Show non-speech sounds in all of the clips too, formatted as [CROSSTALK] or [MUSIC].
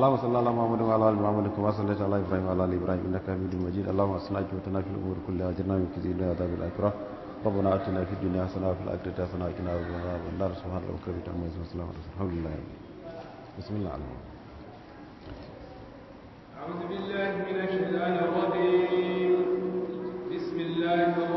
اللهم صل على محمد وعلى ال محمد كما صليت على ابراهيم وعلى ال ابراهيم انك حميد مجيد اللهم صل على عاقبتنا في الامور كلها اجرنا من خزي الدنيا وعذاب الاخره ربنا اتنا في الدنيا حسنه وفي الاخره حسنه وقنا عذاب النار سبحان ربك رب العزه عما يصفون وسلام على الرسول الحمد لله بسم الله الرحمن الرحيم أعوذ بالله من الشيطان الرجيم بسم الله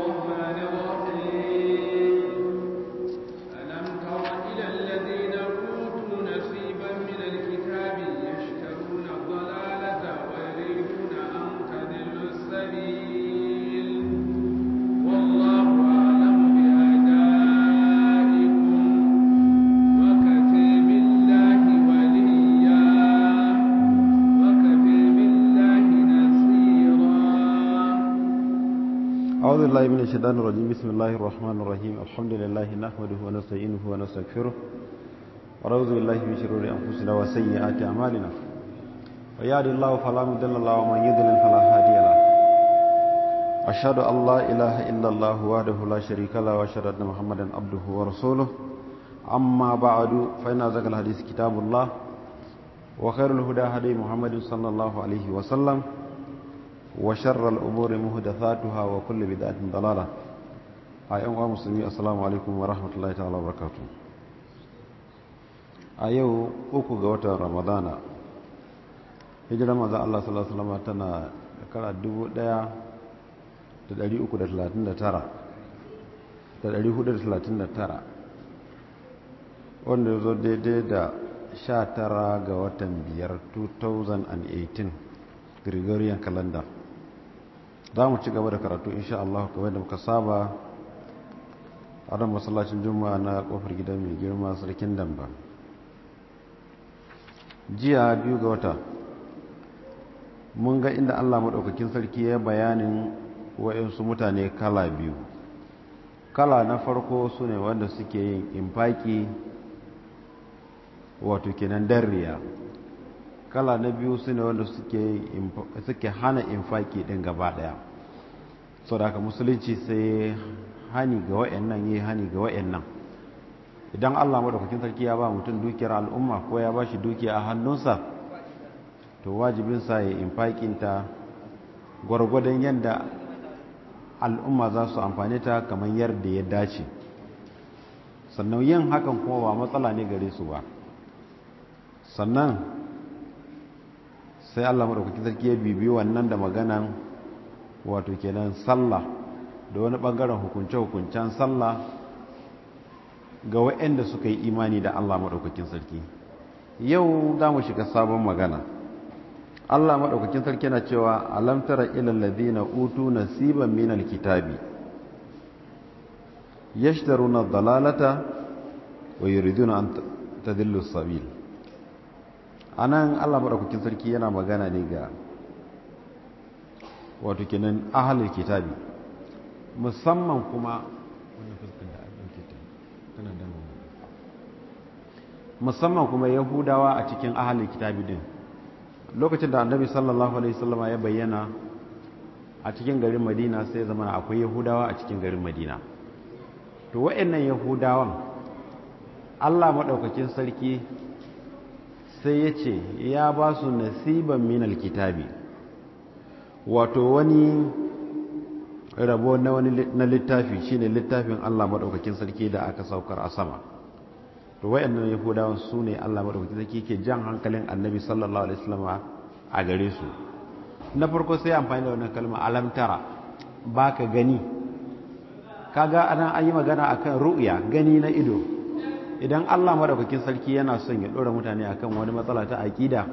بالله من الشيطان الرجيم بسم الله الرحمن الرحيم الحمد لله نحمده ونستعينه ونستغفره ونعوذ بالله من شرور انفسنا وسيئات اعمالنا ويهد الله فلا مضل له ومن يضلل فلا هادي له اشهد ان لا اله الا الله وحده لا شريك له واشهد ان محمدا عبده ورسوله اما بعد فان ذكر الحديث كتاب الله وخير الهدى هدي محمد صلى الله عليه وسلم وشر الأمور مهدثاتها وكل بدعة ضلالة أيها المسلمين السلام عليكم ورحمة الله تعالى وبركاته أيو أكو قوة رمضان هجر رمضان الله صلى الله عليه وسلم تنا كلا دبو ديا تدري أكو دسلاتين ترى تدري هدى دسلاتين ترى wanda ya zo daidai da 19 ga watan 5 2018 gregorian calendar za mu ci gaba da karatu insha Allah kuma da muka saba a ran masallacin juma'a na kofar gidan mai girma sarkin damba jiya biyu ga wata mun ga inda Allah maɗaukakin sarki ya bayanin wa'insu mutane kala biyu kala na farko su ne wanda suke yin infaki wato kenan darriya kala na biyu su ne wanda suke hana infaki din gaba daya sau da musulunci sai hani ga wa'annan yi hani ga wa'annan idan allah maɗaukakin sarki ya ba mutum dukiyar al'umma ko ya ba shi dukiya a hannunsa to wajibinsa ya infakinta gwargwadon yadda al'umma za su amfani ta kamar yadda ya dace sannan yin hakan kuma ba matsala ne gare su ba sannan sai Allah maɗaukaki sarki ya bibi wannan da maganan wato kenan sallah da wani ɓangaren hukunce hukuncen sallah ga waɗanda suka yi imani da Allah maɗaukakin sarki yau za mu shiga sabon magana Allah maɗaukakin sarki na cewa alamtara tara na na utu nasiban minal kitabi yashtaruna dalalata wa yuriduna ta tadillu sabil a nan allah maɗaukakin sarki yana magana ne ga wato kenan ahalar kitabi musamman kuma musamman kuma yahudawa a cikin ahalin kitabi din lokacin da annabi sallallahu alaihi sallama ya bayyana a cikin garin madina sai zama akwai yahudawa a cikin garin madina to wa'annan yahudawan allah maɗaukakin sarki sai ya ce ya ba su nasiban minal kitabi wato wani rabo na wani na littafi shine littafin Allah maɗaukakin sarki da aka saukar a sama to ya fi su ne Allah maɗaukakin sarki ke jan hankalin annabi sallallahu alaihi wasallam a gare su na farko sai amfani da wannan kalma alamtara ka gani kaga anan an yi magana akan ru'ya gani na ido idan Allah madaukakin sarki yana son ya dora mutane akan wani matsala ta aƙida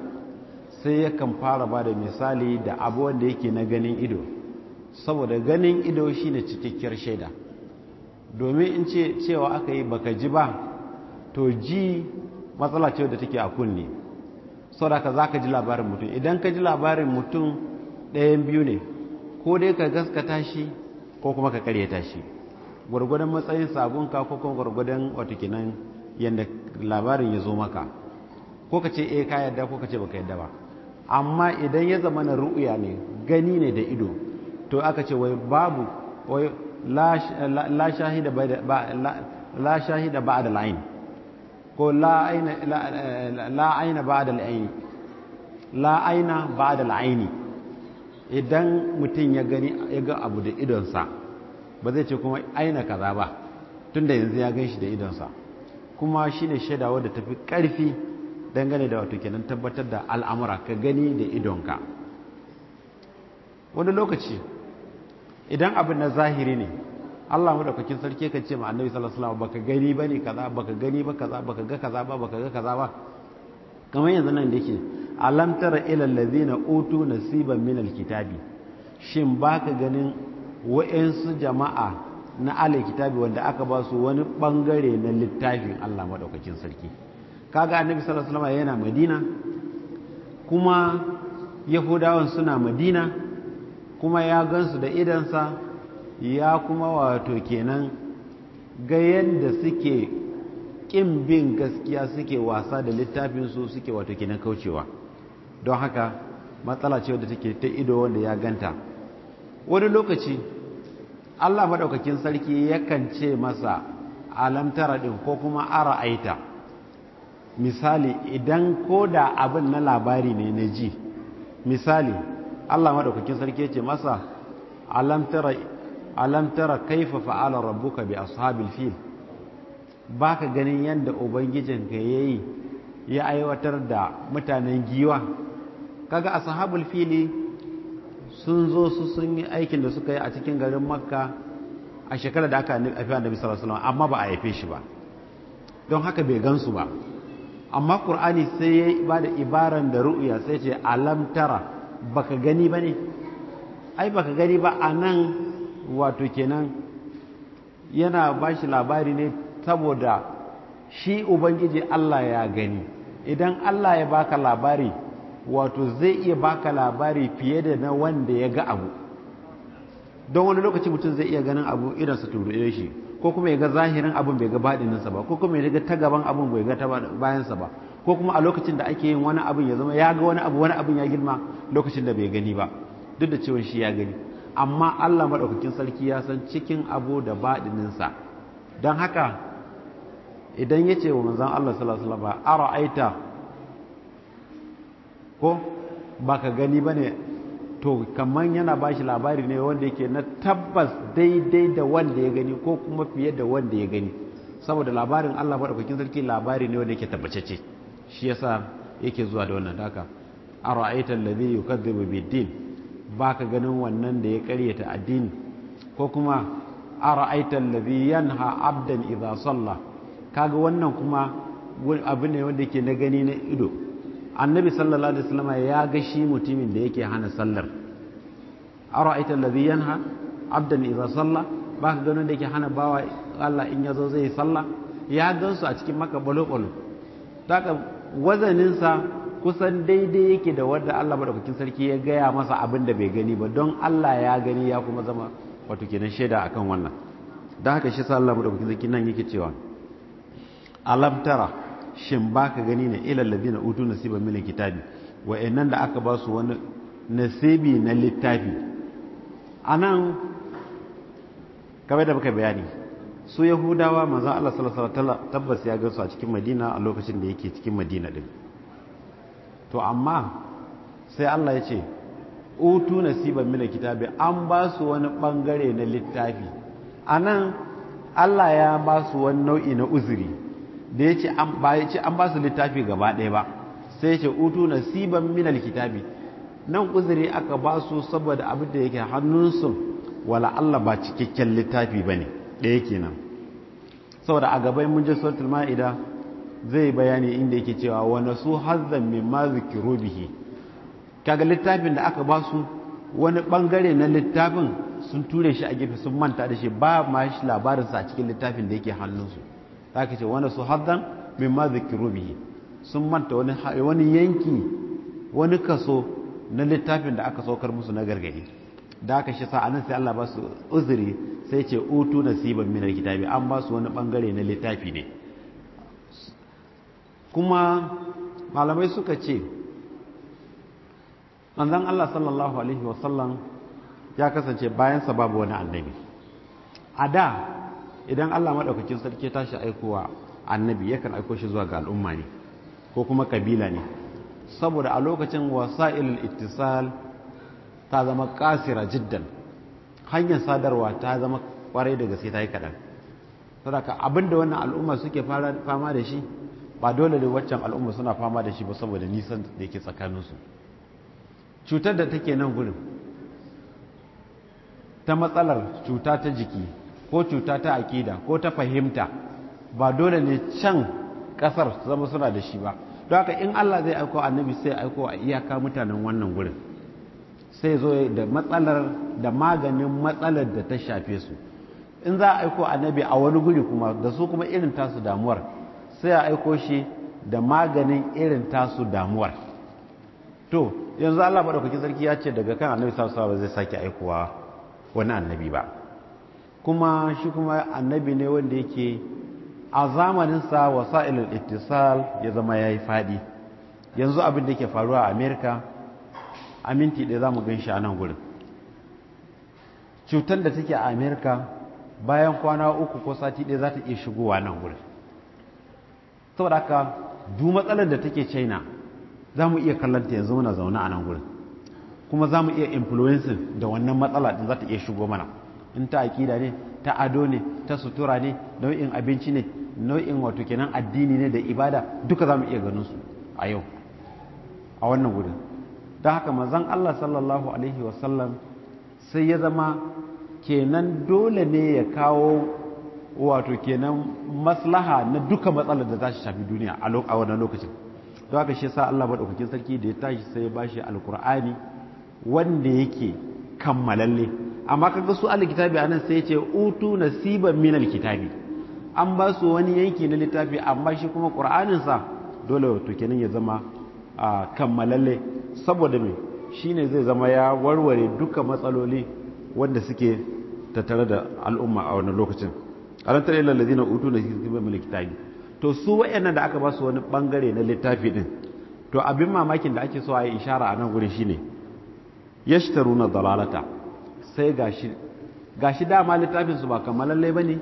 sai yakan fara ba da misali da abu wanda yake na ganin ido saboda ganin ido shine cikakkiyar shaida domin in ce cewa aka yi baka ji ba to ji matsala ce da take a kunne saboda za ka ji labarin mutum idan ka ji labarin mutum ɗayan biyu ne ko dai ka gaskata shi ko kuma ka karyata shi gwargwadon matsayin sabonka ko kuma gwargwadon watakinan yadda labarin ya zo maka ko ka ce eh ka yadda ko ka ce baka yadda ba amma idan ya zama na ru'uya ne gani ne da ido to aka ce wai babu wai la shahida ba la shahida ba da la'in ko la ba da la'in la ba da la'ini idan mutum ya gani ya ga abu da idonsa ba zai ce kuma aina kaza ba tunda yanzu ya gan shi da idonsa kuma shi shine shaidawa da tafi ƙarfi dangane da wato kenan tabbatar da al'amura ka gani da idonka wani lokaci idan abin na zahiri ne Allah madaukakin sarki kan ce ma annabi sallallahu baka gani bane kaza baka gani ba kaza baka ga kaza ba baka ga kaza ba kamar yanzu nan da yake alamtar ilallazi ila na utu nasiban min alkitabi shin baka ganin wa'ansu jama'a na alai kitabi wanda aka ba su wani bangare na littafin Allah maɗaukacin sarki kaga annabi sallallahu alaihi yana madina kuma yahudawan suna madina kuma ya gansu da idansa ya kuma wato kenan ga yadda suke ƙin bin gaskiya suke wasa da littafinsu suke wato kenan kaucewa don haka matsala ce wadda take ta ido wanda ya ganta wani lokaci Allah maɗaukakin sarki yakan ce masa alamtara ɗin ko kuma ara aita misali idan ko da abin na labari ne na ji misali Allah maɗaukakin sarki ya ce masa alamtara kaifa fa'ala rabbuka bi ashabil fil baka ganin yadda ubangijinka yayi ya aiwatar da mutanen giwa kaga ashabul fili sun zo su sun yi aikin da suka yi a cikin garin makka a shekarar da aka haifi annabi sallallahu alaihi amma ba a haife shi ba don haka bai gansu ba amma qur'ani sai ya ba da ibaran da ru'ya sai ce alam tara baka gani ba ne ai baka gani ba a nan wato kenan yana ba shi labari ne saboda shi ubangiji allah ya gani idan allah ya baka labari wato zai iya baka labari fiye da na wanda ya ga abu don wani lokaci mutum zai iya ganin abu idan su turuɗe shi ko kuma ya ga zahirin abin bai ga baɗininsa ba ko kuma ya ga ta gaban abin bai ga ta bayansa ba ko kuma a lokacin da ake yin wani abin ya zama ya ga wani abu wani abin ya girma lokacin da bai gani ba duk da cewa shi ya gani amma Allah maɗaukakin sarki ya san cikin abu da baɗininsa don haka idan ya ce wa manzan Allah sallallahu alaihi wasallam ara'aita ko ba ka gani ba ne to kamar yana ba shi labari ne wanda yake na tabbas daidai da wanda ya gani ko kuma fiye da wanda ya gani saboda labarin Allah maɗaukakin sarki labari ne wanda yake tabbacece shi yasa yake zuwa da wannan haka ara'aita allazi zai bid-din ka ganin wannan da ya karyata addini ko kuma ara'aita yan ha abdan sallah sallah kaga wannan kuma abu ne wanda yake na gani na ido annabi sallallahu alaihi wasallam ya ga shi mutumin da yake hana sallar ara'aita alladhi yanha abdan idza salla ba ka ganin da yake hana bawa Allah in yazo zai salla ya gansu a cikin maka balobalo daga wazanin sa kusan daidai yake da wanda Allah madaukakin sarki ya gaya masa abin da bai gani ba don Allah ya gani ya kuma zama wato kenan shaida akan wannan da haka shi sa Allah madaukakin sarki nan yake cewa alam tara shin ba ka gani ne ilal na utu nasiba min kitabi wa nan da aka ba su wani nasibi na littafi A nan kamar da muka bayani su yahudawa manzon Allah salasala tabbas ya gansu a cikin Madina a lokacin da yake cikin Madina din to amma sai Allah ya ce utu nasiban min kitabi an ba su wani bangare na littafi A nan, Allah ya ba su wani nau'i na uzuri da yace an ba ce an ba su littafi gaba ɗaya ba sai ce utu nasiban minal kitabi nan uzuri aka ba su saboda abin da yake hannunsu wala Allah ba cikakken littafi ba ne ɗaya nan saboda a gaban mun je suratul maida zai bayani inda yake cewa wa nasu hazzan ma zikiru bihi kaga littafin da aka ba su wani bangare na littafin sun ture shi a gefe sun manta da shi ba ma shi labarinsa a cikin littafin da yake hannunsu zaka ce wani su haddan ma zikiru bihi sun manta wani yanki wani kaso na littafin da aka saukar musu na gargadi da aka shi sa nan sai Allah ba su uzuri sai ce utu nasiban min alkitabi an ba su wani bangare na littafi ne kuma malamai suka ce manzon Allah sallallahu alaihi wasallam ya kasance bayan sababu wani annabi a da idan Allah maɗaukakin sarki ya tashi aikowa annabi yakan aiko shi zuwa ga al'umma ne ko kuma kabila ne saboda a lokacin wasa'il ittisal ta zama kasira jiddan hanyar sadarwa ta zama kwarai daga sai ta yi kaɗan saboda abinda wannan al'umma suke fama da shi ba dole ne waccan al'umma suna fama da shi ba saboda nisan da yake tsakaninsu cutar da take nan gudun ta matsalar cuta ta jiki ko cuta ta akida ko ta fahimta ba dole ne can kasar zama suna da shi ba don haka in Allah zai aiko annabi sai aiko a iyaka mutanen wannan gurin sai zo da matsalar da maganin matsalar da ta shafe su in za a aiko annabi a wani guri kuma da su kuma irin tasu damuwar sai a aiko shi da maganin irin tasu damuwar to yanzu Allah madaukakin sarki ya ce daga kan annabi sallallahu zai sake aikowa wani annabi ba kuma shi kuma annabi ne wanda yake a zamaninsa wasa'ilul ittisal ya zama ya yi faɗi yanzu abin da ke faruwa a amerika a minti ɗaya za mu gan shi a nan cutar da take a amerika bayan kwana uku ko sati ɗaya za ta iya shigowa nan gurin saboda haka duk matsalar da take china za mu iya kallonta yanzu muna zaune a nan kuma za mu iya influencing da wannan matsala ɗin za ta iya shigo mana in ta aƙida ne ta ado ne ta sutura ne nau'in abinci ne nau'in wato kenan addini ne da ibada duka za mu iya ganin su a yau a wannan gudun. don haka manzon Allah sallallahu alaihi wasallam sai ya zama kenan dole ne ya kawo wato kenan maslaha na duka matsalar da za shi shafi duniya a wannan lokacin don haka shi sa Allah maɗaukakin sarki da ya tashi sai ya bashi alkur'ani wanda yake kammalalle amma kaga su alil kitabi anan sai ya ce utu nasiban min alkitabi an ba su wani yanki na littafi amma shi kuma qur'anin sa dole to kenan ya zama kammalalle saboda me shine zai zama ya warware duka matsaloli wanda suke tattare da al'umma a wannan lokacin alam tara ilal ladina utu nasiban min alkitabi to su wayannan da aka ba su wani bangare na littafi din to abin mamakin da ake so a yi ishara a nan gurin shine yashtaruna dalalata sai gashi gashi dama littafinsu ba kamar ba ne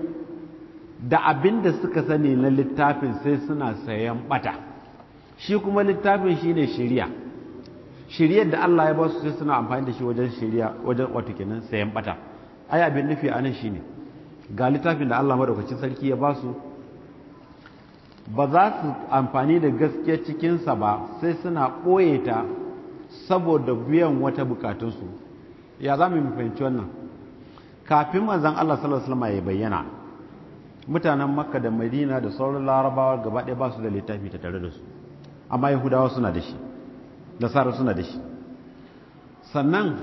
da abin da suka sani na littafin sai suna sayan bata shi kuma littafin shi ne shirya shiryar da Allah ya ba su sai suna amfani da shi wajen shirya wajen wato sayan bata ai abin nufi a anan shine ga littafin da Allah madaukakin sarki ya ba su ba za su amfani da gaskiya cikinsa ba sai suna ɓoye ta saboda biyan wata bukatunsu ya za mu fahimci wannan kafin manzon Allah sallallahu alaihi wasallam ya bayyana mutanen Makka da Madina da sauran Larabawa gaba ɗaya ba su da littafi ta tare da su amma Yahudawa suna da shi da Sara suna da shi sannan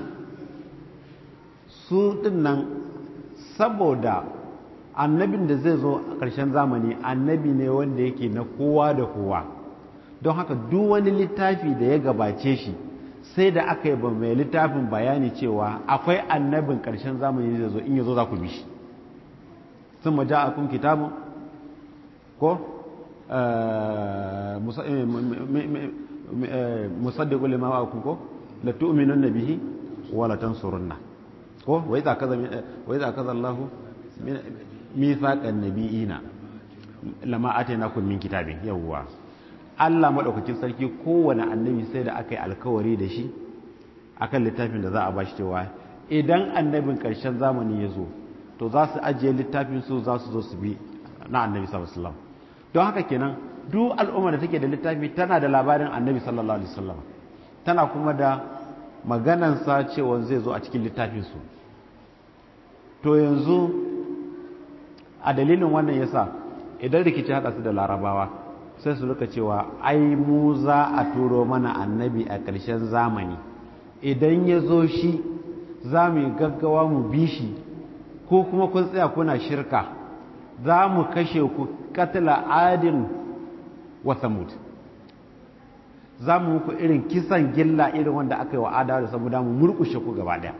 su dinnan saboda annabin da zai zo a ƙarshen zamani annabi ne wanda yake na kowa da kowa don haka duk wani littafi da ya gabace shi sai da aka yi mai littafin bayani cewa akwai annabin ƙarshen zamani da zo in zo za ku bi shi sun maja a kun kitabu ko eh, eh, eh, musaddiqul lima ma'akum ko la na bihi wa la surunna ko wa za kaza zallahu mi kaza Allahu mithaqan nabiyina lama atainakum min kitabin yawwa Allah maɗaukakin sarki kowane annabi sai da aka yi alkawari da shi a kan littafin da za a bashi cewa idan annabin ƙarshen zamani ya zo to za su ajiye littafin su za su zo su bi na annabi sallallahu alaihi don haka kenan duk al'umma da take da littafi tana da labarin annabi sallallahu alaihi tana kuma da maganansa cewa zai zo a cikin littafin su to yanzu a dalilin wannan yasa idan rikici haɗa su da larabawa sai su rika cewa ai mu za a turo mana annabi a ƙarshen zamani idan ya zo shi za mu gaggawa mu bi shi ko kuma kun tsaya kuna shirka za mu kashe ku katila adin wata samud za mu muku irin kisan gilla irin wanda aka yi wa adawa da saboda mu murkushe ku gaba ɗaya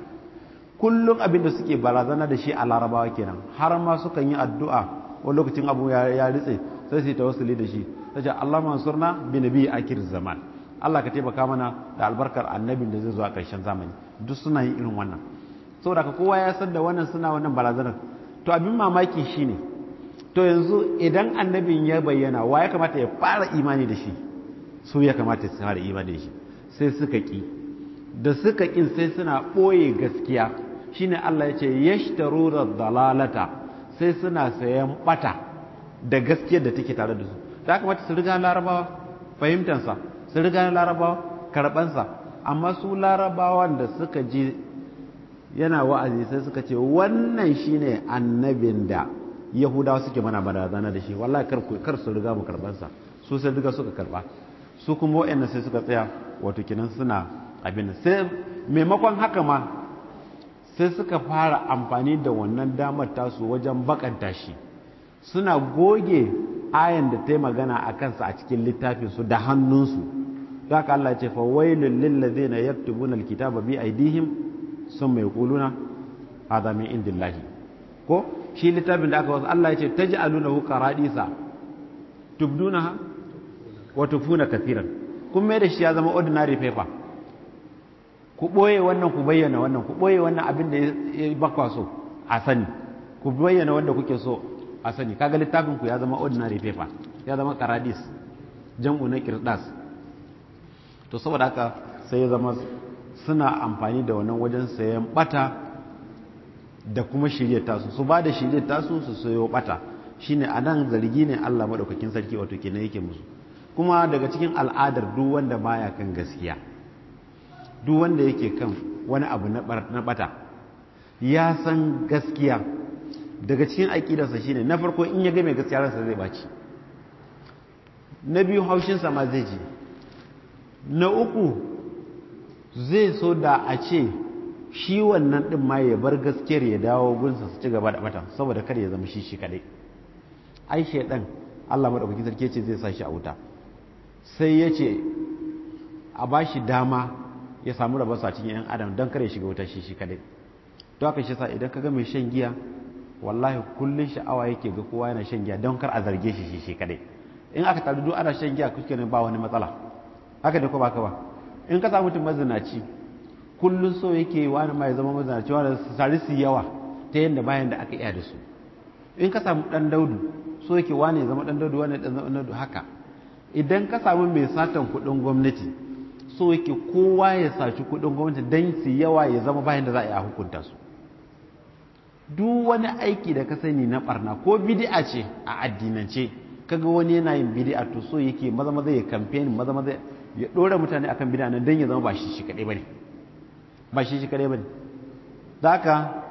kullum abin da suke barazana da shi a larabawa kenan har ma sukan yi addu'a wani lokacin abu ya ritse sai su yi tawassuli da shi ce Allah suna bi nabi akir zaman Allah ka taimaka mana da albarkar annabin da zai zo a ƙarshen zamani duk suna yin irin wannan saboda ka kowa ya san da wannan suna wannan barazanar to abin mamaki shine to yanzu idan annabin ya bayyana wa ya kamata ya fara imani da shi su ya kamata su fara imani da shi sai suka ki da suka sai suna ɓoye gaskiya shine Allah ya ce yashtaru dalalata sai suna sayan ɓata da gaskiyar da take tare da su ta kamata su riga larabawa fahimtansa su riga larabawa karɓansa amma su larabawan da suka je yana wa'azi sai suka ce wannan shine annabin da yahudawa suke mana barazana da shi wallahi kar kar su riga mu karɓansa su sai riga suka karɓa su kuma wa'annan sai suka tsaya wato kinan suna abin sai maimakon haka ma sai suka fara amfani da wannan damar tasu wajen bakanta shi suna goge ayan da ta yi magana a kansa a cikin littafinsu da hannunsu za ka Allah ce fawailun lillazina yaktubuna ba bi aidihim sun mai kuluna zami indin indillahi ko shi littafin da aka wasu Allah ya ce taj'alunahu tubduna tubdunaha wa tufuna kafiran kun mai da shi ya zama ordinary paper ku ɓoye wannan ku bayyana wannan ku ɓoye wannan abin da ya bakwa so a sani ku bayyana wanda kuke so a sani kaga littafin ku ya zama ordinary paper ya zama karadis jam'u na kirdas to saboda haka sai ya zama suna amfani da wannan wajen sayan bata da kuma shirye ta su ba da shirye tasu su sayo bata shine anan zargi ne Allah madaukakin sarki wato kenan yake musu kuma daga cikin al'adar duk wanda baya kan gaskiya duk wanda yake kan wani abu na bata ya san gaskiya daga cikin shi ne na farko in ya ga mai gaskiya ransa zai baci na biyu haushinsa ma zai ji na uku zai so da a ce shi wannan ɗin ma ya bar gaskiyar ya dawo gunsa su ci gaba da mata saboda kar ya zama shi shi kadai ai shaidan Allah madaukakin sarki ce zai sa shi a wuta sai ya ce a ba shi dama ya samu rabarsa cikin 'yan adam don kare shiga wuta shi shi kadai to haka shi sa idan ka ga mai shan giya wallahi kullun sha'awa yake ga kowa yana shan giya don kar a zarge shi shi kadai in aka taru duk ana shan giya kuke ba wani matsala haka da ko baka ba in ka samu mutum mazinaci kullun so yake wani ma zama mazinaci wani sari su yawa ta yadda bayan da aka iya da su in ka samu dan daudu so yake wani zama dan daudu wani dan daudu haka idan ka samu mai satan kudin gwamnati so yake kowa ya saci kudin gwamnati dan su yawa ya zama bayan da za a a hukunta su duk wani aiki da ka sani na barna ko bidi'a ce a addinance kaga wani yana yin bid'a to so yake maza maza ya campaign maza maza ya dora mutane akan bid'a nan dan ya zama ba shi shi kadai bane ba shi shi kadai bane haka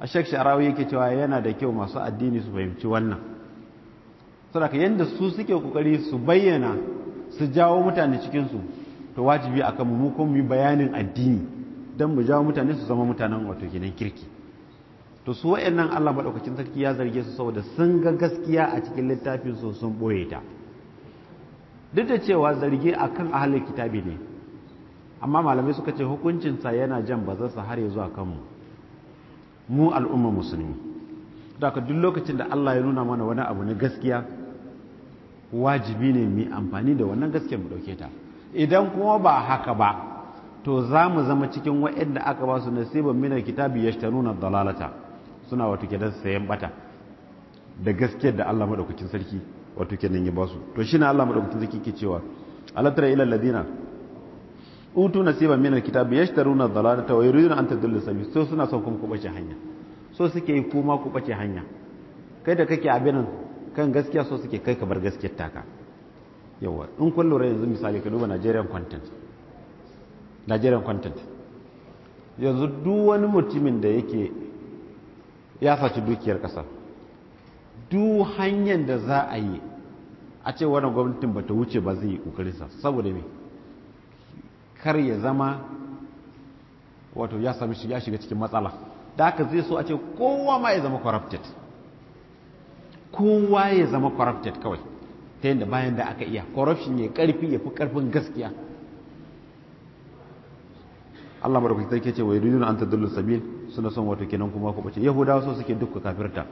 a shek sharawi yake cewa yana da kyau masu addini su fahimci wannan saboda yanda su suke kokari su bayyana su jawo mutane cikin su to wajibi akan mu mu bayanin addini dan mu jawo mutane su zama mutanen wato gidan kirki to su wa'annan Allah madaukakin sarki ya zarge su saboda sun ga gaskiya a cikin littafin su sun boye ta duk da cewa zarge akan ahlul kitabi ne amma malamai suka ce hukuncinsa yana jan bazarsa har ya zuwa kanmu mu al'umma musulmi daga duk lokacin da Allah ya nuna mana wani abu na gaskiya wajibi ne mu amfani da wannan gaskiya mu dauke ta idan kuma ba haka ba to za mu zama cikin da aka ba su nasiban minar kitabi ya nuna dalalata suna wato kenan sayan bata da gaskiyar da Allah madaukakin sarki wato kenan ya ba su to shine Allah madaukakin sarki ke cewa Allah alatara ila ladina utu nasiban min alkitabi yashtaruna dhalalata wa yuriduna an tadullu sabil so suna son kuma ku bace hanya so suke yi kuma ku bace hanya kai da kake abin kan gaskiya so suke kai ka bar gaskiyar taka yawa in kun lura yanzu misali ka duba Nigerian content Nigerian content yanzu duk wani mutumin da yake ya saci dukiyar ƙasa du hanyar da za a yi a ce wannan gwamnatin ba ta wuce ba zai yi ƙoƙarinsa saboda me kar ya zama wato ya sami shiga shiga cikin matsala da haka zai so a ce kowa ma ya zama corrupted kowa ya zama corrupted kawai ta yadda bayan da aka iya corruption ya karfi ya fi karfin gaskiya Allah ta ke ce wa yuriduna an ta dullu sabil suna son wato kenan kuma ku bace yahudawa so suke duk ku kafirta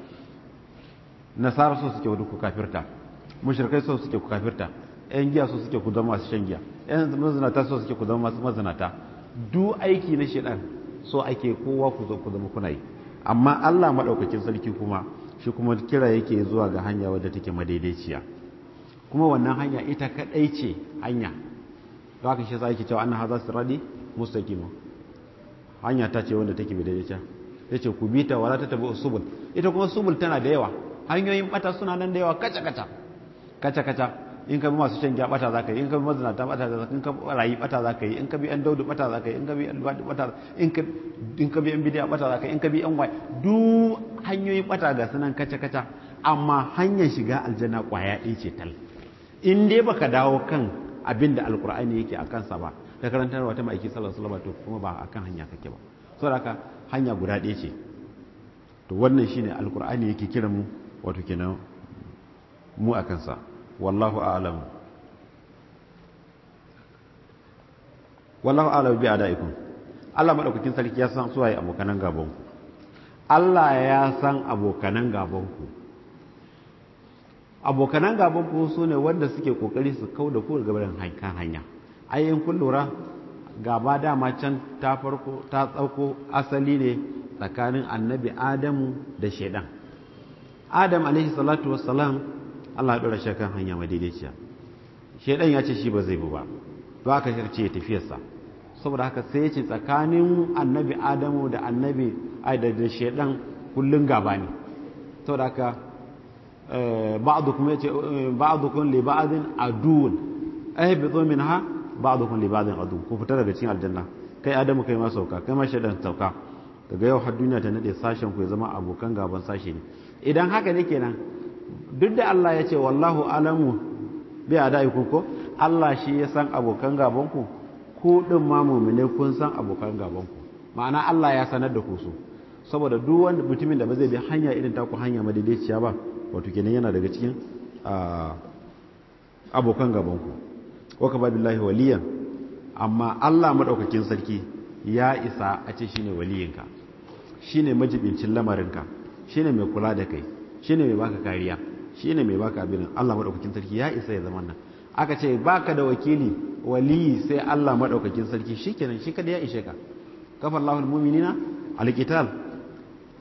nasara so suke duk ku kafirta mushrikai so suke ku kafirta yan giya so suke ku zama masu shan giya yan mazinata so suke ku zama masu mazinata duk aiki na shedan so ake kowa ku zo ku zama kuna yi amma Allah madaukakin sarki kuma shi kuma kira yake zuwa ga hanya wadda take madaidaiciya kuma wannan hanya ita kadai ce hanya za ka shi za ki cewa an haza radi mustaqima hanya ta ce wanda take bidaidaita ya ce ku bi ta wala ta tabi subul ita kuma subul tana da yawa hanyoyin bata suna nan da yawa kaca kaca kaca kaca in ka bi masu shan giya bata za ka yi in ka bi mazinata bata za ka yi in ka bi rayi bata za ka yi in ka bi yan daudu bata za ka yi in ka bi yan bata bata in ka bi yan bidiya bata za ka yi in ka bi yan wai duk hanyoyin bata ga sunan kaca kaca amma hanyar shiga aljanna kwaya ɗaya ce tal in dai baka dawo kan abin da alkur'ani yake a kansa ba ta karantarwa wata mai sallallahu alaihi wasallam to kuma ba kan hanya kake ba saboda hanya guda ɗaya ce to wannan shine alkur'ani yake kira mu wato kenan mu a kansa wallahu a'lam wallahu a'lam bi adaikum Allah madaukakin sarki ya san waye abokanan gaban ku Allah ya san abokanan gaban ku abokanan gaban ku sune wanda suke kokari su kauda ku daga barin hanya ai kun lura gaba dama can ta farko ta tsauko asali ne tsakanin annabi adamu da shaidan adam alaihi salatu wassalam Allah ya dora shakan kan hanya madaidaiciya shaidan ya ce shi ba zai bi ba to aka shirce tafiyarsa saboda haka sai ya ce tsakanin annabi adamu da annabi da shaidan kullun gaba ne saboda haka eh, ba'dukum yace eh, ba'dukum li ba'din adun ay minha ba'dukum li ba'din adu ku fita daga cikin aljanna kai adamu kai ma sauka kai ma shaidan sauka daga yau har duniya ta nade sashen ku ya zama abokan gaban sashe ne idan haka ne kenan duk da Allah ya ce wallahu alamu bi adaikum ko Allah shi ya san abokan gaban ku ko din ma mu'mine kun san abokan gaban ku ma'ana Allah ya sanar da ku su saboda duk wanda mutumin da ba zai bi hanya irin ta ku hanya madaidaiciya ba wato kenan yana daga cikin ah, abokan gaban ku ka kaba billahi waliyan amma Allah madaukakin sarki ya isa a ce shine waliyinka shine majibincin lamarinka shine mai kula da kai shine mai baka kariya shine mai baka abin Allah madaukakin sarki ya isa ya zama nan aka ce baka da wakili waliyi sai Allah madaukakin sarki shikenan shi kada ya ishe ka kafa Allahul mu'minina alqital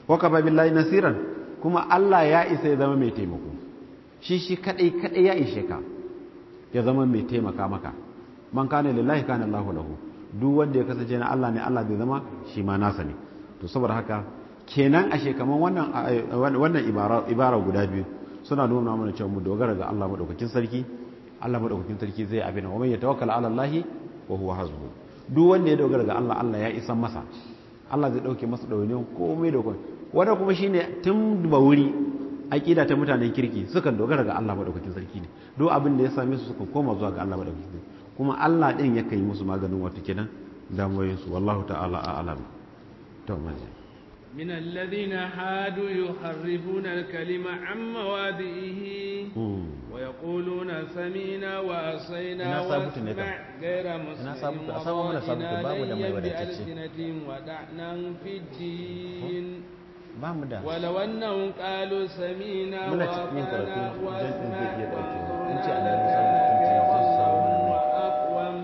wa kafa billahi nasiran kuma Allah ya isa ya zama mai taimako shi shi kadai kadai ya ishe ka ya zama mai taimaka maka man kane lillahi kane Allahu lahu duk wanda ya kasance na Allah ne Allah zai zama shi ma nasa ne to saboda haka kenan a shekaman wannan wannan ibara guda biyu suna nuna mana cewa mu dogara ga Allah madaukakin sarki Allah madaukakin sarki zai abin wa man yatawakkal ala Allah wa huwa hasbu duk wanda ya dogara ga Allah Allah ya isa masa Allah zai dauke masa dawainiyan komai da komai wanda kuma shine tun ba wuri aƙida ta mutanen kirki sukan dogara ga Allah maɗaukakin sarki ne do abin da ya same su suka koma zuwa ga Allah maɗaukakin sarki kuma Allah ɗin ya kai musu maganin wata kenan damuwoyin su wallahu ta'ala a'lam to maji من الذين هادوا يحرفون ne عن مواضعه ويقولون سمينا وأصينا واسمع غير مسلم وقائنا لي بألسنتهم ودعنا في الدين ba mu da wala wannan qalu samina wa cikin karatu jan din zai iya dauke ce annabi sallallahu alaihi wasallam wa aqwam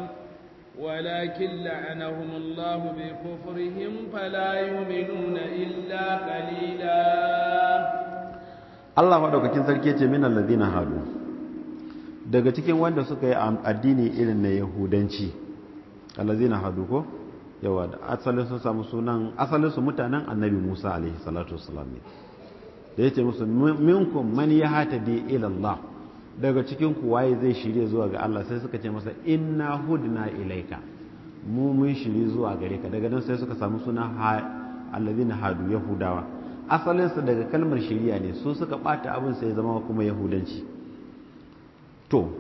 walakin la'anahum Allah bi kufrihim fala sarki ce min alladhina hadu daga cikin wanda suka yi addini irin na yahudanci alladhina hadu ko yawa da asalin sun samu sunan asalin su mutanen annabi musa alaihi salatu wasalam ne da ya ce musu minkum man hata ila ilallah daga cikin waye zai shirye zuwa ga Allah sai suka ce masa inna na ilaika mu mun shirye zuwa gare ka daga nan sai suka samu suna alladhina hadu yahudawa asalin su daga kalmar shirya ne su suka bata abin sai zama kuma yahudanci to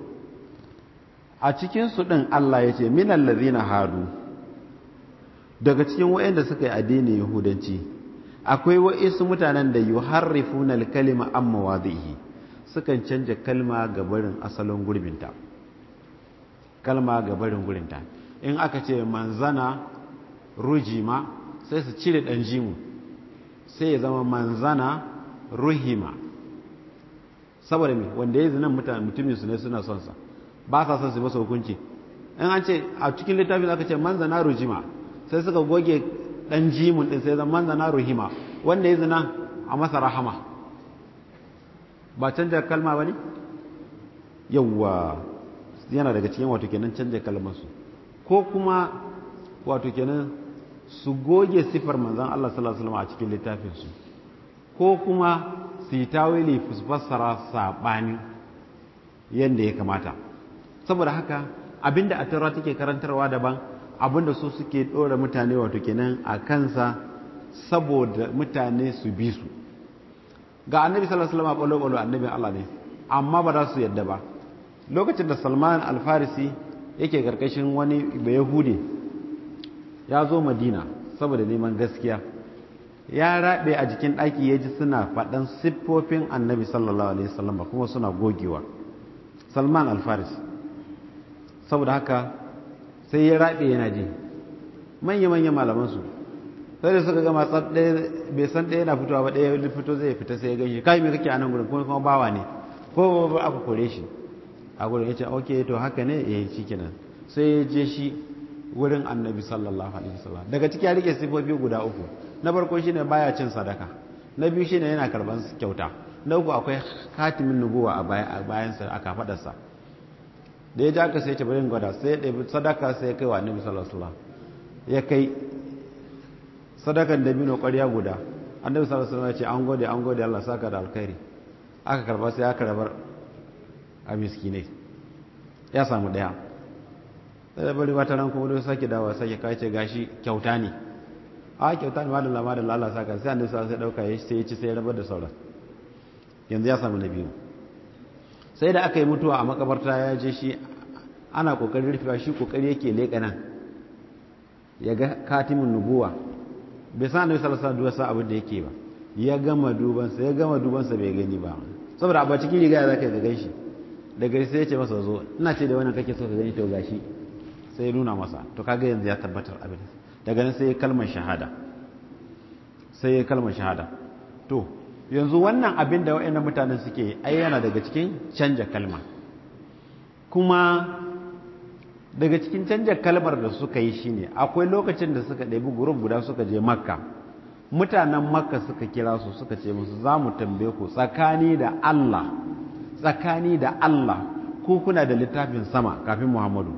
a cikin su din Allah yace minal ladhina hadu daga cikin wayanda suka yi addinin yahudanci akwai wa'isu mutanen da yuharrifuna al-kalima an mawadhihi sukan canja kalma ga barin asalin gurbinta kalma ga barin gurbinta in aka ce manzana rujima sai su cire ɗan jimu sai ya zama manzana ruhima saboda mai wanda ya zina mutumin su ne suna son sa ba sa son su masa hukunci in an ce a cikin littafin aka ce manzana rujima sai suka goge ɗan jimun ɗin sai zaman zana ruhima wanda ya zina a masa rahama ba canja kalma ba ne yawwa yana daga cikin wato kenan canja kalmasu ko kuma wato kenan su goge sifar manzan Allah sallallahu alaihi wasallam a cikin littafinsu ko kuma su yi tawili fassara saɓani yadda ya kamata saboda haka abinda a take karantarwa daban abinda su suke ɗora mutane wato kenan a kansa saboda mutane su bi su ga annabi sallallahu alaihi wasallam balo balo annabi Allah ne amma ba za su yadda ba lokacin da Salman al-Farisi yake karkashin wani Yahudi ya zo Madina saboda neman gaskiya ya rabe a jikin ɗaki ya ji suna faɗan siffofin annabi sallallahu alaihi wasallam kuma suna gogewa Salman al-Farisi saboda haka sai ya raɓe yana ji manya manya malamansu sai da suka gama bai san ɗaya na fitowa ba ɗaya fito zai fita sai ya ganshi kai me kake a nan gurin kuma bawa ne ko ba aka kore shi a gudun ya ce ok to haka ne ya yi ciki nan sai ya je shi wurin annabi sallallahu alaihi wasallam daga ciki ya rike sifofi guda uku na farko shine baya cin sadaka na biyu shine yana karban kyauta na uku akwai hatimin nubuwa a bayansa a kafadarsa da ya ji sai ce gwada sai ya sadaka sai ya kai wa annabi sallallahu alaihi ya kai sadakan da bino ƙwarya guda annabi sallallahu alaihi ya ce an gode an gode Allah saka da alkhairi aka karba sai aka rabar a miskinai ya samu ɗaya sai bari wata ran kuma sake dawa sake kai ce gashi kyauta ne a ah, kyauta ne madalla madalla Allah saka sai annabi sallallahu alaihi ya dauka ya sai ya ci sai ya rabar da sauran yanzu ya samu na biyu sai da aka yi mutuwa a makabarta ya je shi ana kokarin rufewa shi kokari yake leƙa nan ya ga katimin nubuwa bai sa annabi sallallahu alaihi wasallam abin da yake ba ya gama dubansa ya gama dubansa bai gani ba saboda a cikin riga za ka ga shi daga sai ya ce masa zo ina ce da wannan kake so ka gani to gashi sai nuna masa to kaga yanzu ya tabbatar abin daga nan sai kalmar shahada sai kalmar shahada to yanzu wannan abin da wa'annan mutane suke ai yana daga cikin canja kalma kuma daga cikin canja kalmar da suka yi shine akwai lokacin da suka ɗabi gurin guda suka je makka mutanen makka suka kira su suka ce musu za mu tambaye ku tsakani da allah tsakani da allah ko kuna da littafin sama kafin muhammadu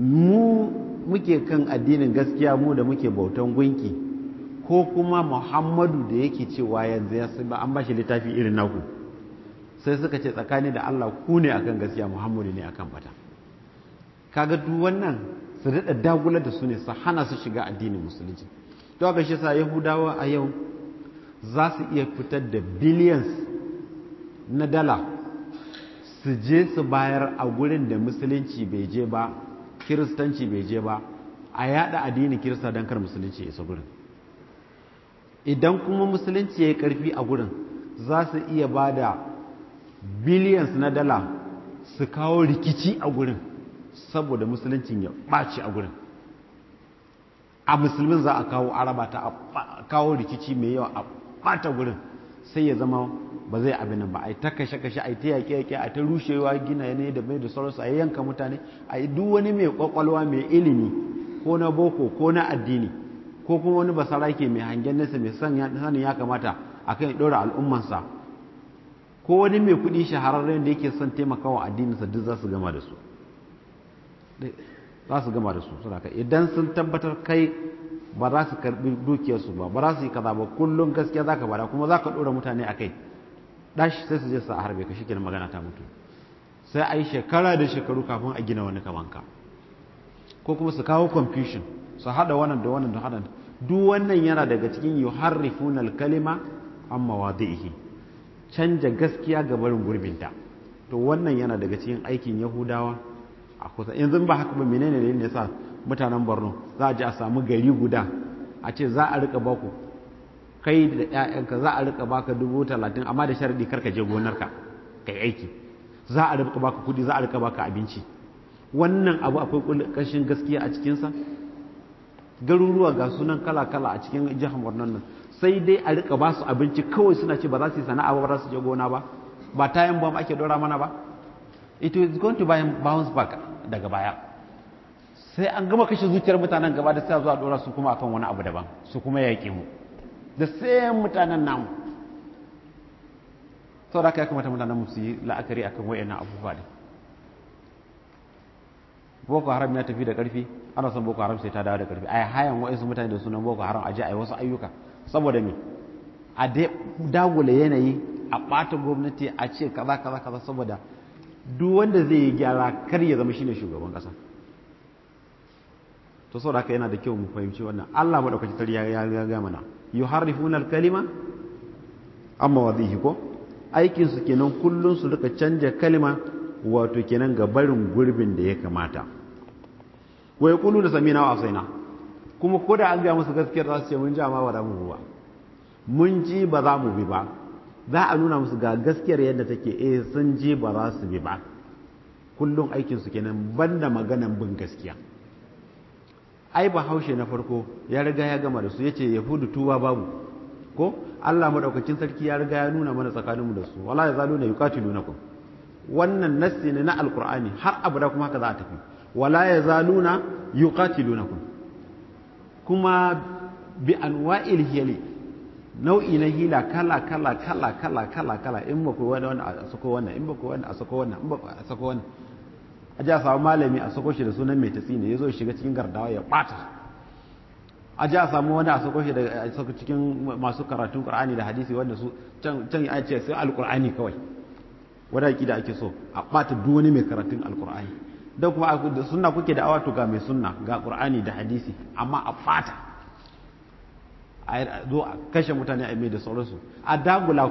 mu muke kan addinin gaskiya mu da muke bautan gunki ko kuma muhammadu da yake cewa yanzu ya ba an bashi littafi irin naku sai suka ce tsakani da allah ku ne akan gaskiya muhammadu ne akan bata kaga duk wannan su daɗa dagula da su ne su hana su shiga addinin musulunci to haka shi sa yahudawa a yau za su iya fitar da billions na dala su je su bayar a gurin da musulunci bai je ba kiristanci bai je ba a yada addinin kirista don kar musulunci isa gurin idan kuma musulunci ya yi ƙarfi a gurin za su iya ba da billions na dala su kawo rikici a gurin saboda musuluncin ya ɓaci a gurin a musulmin za a kawo araba ta kawo rikici mai yawa a ɓata gurin sai ya zama ba zai abin nan ba a yi ta kashe-kashe a yi ta yaƙe-yaƙe a ta rushewa gina ne da mai da sauransu a yanka mutane a yi duk wani mai ƙwaƙwalwa mai ilimi ko na boko ko na addini ko kuma wani ke mai hangen nesa mai sanin ya kamata a kan ɗora al'ummansa ko wani mai kuɗi shahararren da yake son taimakawa addininsa duk za su gama da su za su gama da su idan sun tabbatar kai ba za su karɓi dukiyarsu ba ba za su yi kaza ba kullum gaskiya za ka bada kuma za ka ɗora mutane a kai ɗashi sai su je su a harbe ka shi magana ta mutu sai a yi shekara da shekaru kafin a gina wani kamanka ko kuma su kawo confusion su haɗa wannan da wannan da haɗa duk wannan yana daga cikin yuharrifuna al-kalima an mawadi'ihi canja gaskiya ga barin gurbinta to wannan yana daga cikin aikin yahudawa a kusa yanzu ba haka ba menene ne ne sa mutanen Borno za a ji a samu gari guda a ce za a rika baku kai da 'ya'yanka za a rika baka dubu talatin amma da sharadi karka je gonarka kai aiki za a rika baka kudi za a rika baka abinci wannan abu akwai kashin gaskiya a cikinsa garuruwa ga sunan kala-kala a cikin jihar wannan nan sai dai a rika ba su abinci kawai suna ce ba za su yi sana'a ba ba za su je gona ba ba tayan bomb ake dora mana ba it is going to bounce back daga baya sai an gama kashe zuciyar mutanen gaba da sai zuwa dora su kuma akan wani abu daban su kuma yaƙi mu da sai mutanen namu saboda haka ya kamata mutanen mu su yi la'akari akan wayannan abubuwa ne boko haram ya tafi da karfi ana son boko haram sai ta dawo da karfi ai hayan wa'ansu mutane da sunan boko haram aje ai wasu ayyuka saboda me a dagula yanayi a bata gwamnati a ce kaza kaza kaza saboda duk wanda zai yi gyara kar ya zama shine shugaban kasa to saboda haka yana da kyau mu fahimci wannan Allah madaukaki tar ya ga mana yuharifuna alkalima amma wadhihi ko aikin su kenan kullun su rika canja kalima wato kenan ga barin gurbin da ya kamata wai kulu da samina wa asaina kuma ko da an ga musu gaskiyar za su ce mun ji amma ba za mu ba mun ji ba za mu bi ba za a nuna musu ga gaskiyar yadda take eh sun ji ba za su bi ba kullum aikin su kenan banda maganan bin gaskiya ai bahaushe na farko ya riga ya gama da su yace yahudu tuwa babu ko Allah madaukakin sarki ya riga ya nuna mana tsakaninmu da su wala yazaluna yuqatilunakum wannan nassi ne na alkur'ani har abu da kuma haka za a tafi wala ya yazaluna yuqatilunakum kuma bi anwa'il hiyali nau'i na hila kala kala kala kala kala kala in ba ku wani wani a sako wannan in ba ku wani a sako wannan in ba ku a sako wannan a ja samu malami a sako shi da sunan mai tatsi ne ya zo shiga cikin gardawa ya bata a ja samu wani a sako shi da sako cikin masu karatun qur'ani da hadisi wanda su can can ya ce sai alqur'ani kawai wani aƙida ake so a ɓata duk wani mai karatun alƙur'ani don kuma da suna kuke da awato ga mai sunna ga ƙur'ani da hadisi amma a ɓata a zo a kashe mutane a mai da sauransu a dagula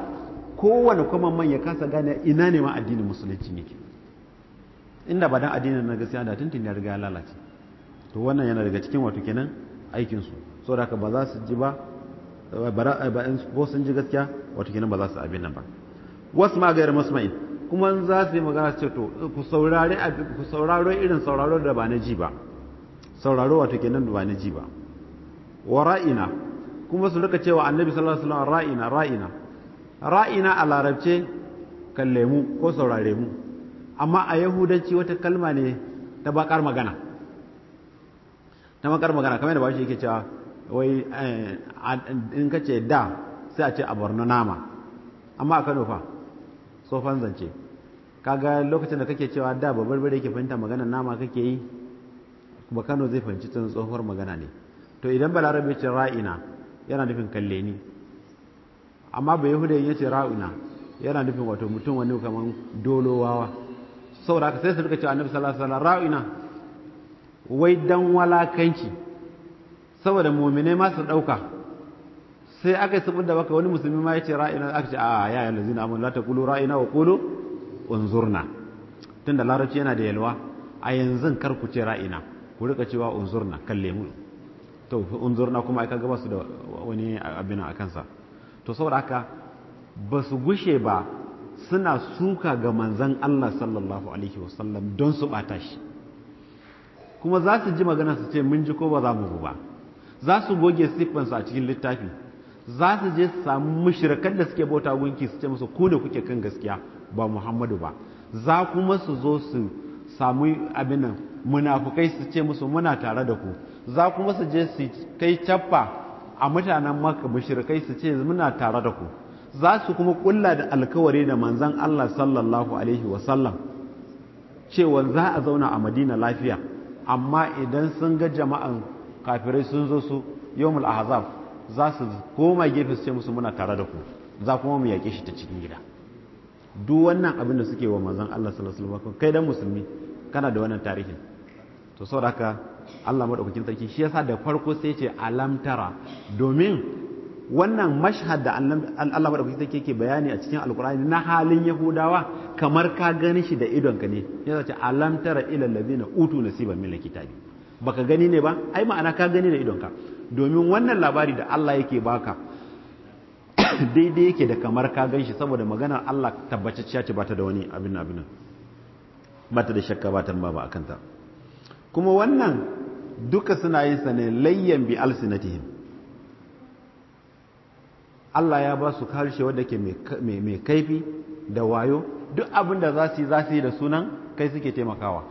kowane kuma man ya kasa gane ina ne ma addinin musulunci ne inda ba dan addinin na gaskiya da tuntun ya riga ya lalace to wannan yana daga cikin wato kenan aikinsu so da haka ba za su ji ba ba sun ji gaskiya wato kenan ba za su abin nan ba wasu ma gairar masma'in kuma za su yi magana su ce to ku saurare ku sauraro irin sauraro da ba na ji ba sauraro wato kenan da ba na ji ba wa ra'ina kuma su rika cewa annabi sallallahu alaihi wasallam ra'ina ra'ina ra'ina a larabce kalle mu ko saurare mu amma a yahudanci wata kalma ne ta bakar magana ta bakar magana kamar da bashi yake cewa wai eh, in kace da sai a ce a borno nama amma a kano fa tsofan zance kaga lokacin da kake cewa da babbar bare yake fahimta magana nama kake yi ba Kano zai fahimci tun tsohuwar magana ne to idan balarabe ce ra'ina yana nufin kalle ni amma ba yahuda ya ce ra'ina yana nufin wato mutum wani kamar dolowawa saboda sai su rika cewa annabi sallallahu alaihi ra'ina wai dan walakanci saboda mu'mine ma su dauka sai aka yi sabon da baka wani musulmi ma ya ce ra'ina aka ce a ya yi lazina amin la ta kulu ra'ina wa kulu unzurna tun da larabci yana da yalwa a yanzu kar ku ce ra'ina ku rika cewa unzurna kalle mu to unzurna kuma aka gaba su da wani abin a kansa to saboda haka ba su gushe ba suna suka ga manzan Allah sallallahu alaihi wasallam don su bata shi kuma za su ji magana su ce mun ji ko ba za mu ba za su goge siffansu a cikin littafi za su je su samu mushrikan da suke bauta gunki su ce musu ku ne kuke kan gaskiya ba Muhammadu ba za kuma su zo su samu abin munafukai su ce musu muna tare da ku za kuma su je su kai cappa a mutanen maka mushrikai su ce muna tare da ku za su kuma kulla da alkawari da manzan Allah sallallahu alaihi wasallam cewa za a zauna a madina lafiya amma idan sun ga jama'an kafirai sun zo su yawmul ahzab za su koma gefe su ce musu muna tare da ku za kuma mu yaƙe shi ta cikin gida duk wannan abin da suke wa manzon Allah sallallahu alaihi wasallam kai dan musulmi kana da wannan tarihin to saboda haka Allah madaukakin sarki shi yasa da farko sai ce alam domin wannan mashhad da Allah madaukakin sarki yake bayani a cikin alkur'ani na halin yahudawa kamar ka gani shi da idonka ne yasa ce alam tara ila na utu nasiban min ba baka gani ne ba ai ma'ana ka gani da idonka domin wannan labari da Allah yake baka [COUGHS] daidai yake da kamar ka gan shi saboda maganar Allah tabbatacciya ce bata da wani abin abin bata da shakka bata ba ba kanta kuma wannan duka suna yin sa layyan bi alsinatihim Allah ya ba su karshe wanda ke mai kaifi da wayo duk abin da za su yi da sunan kai suke taimakawa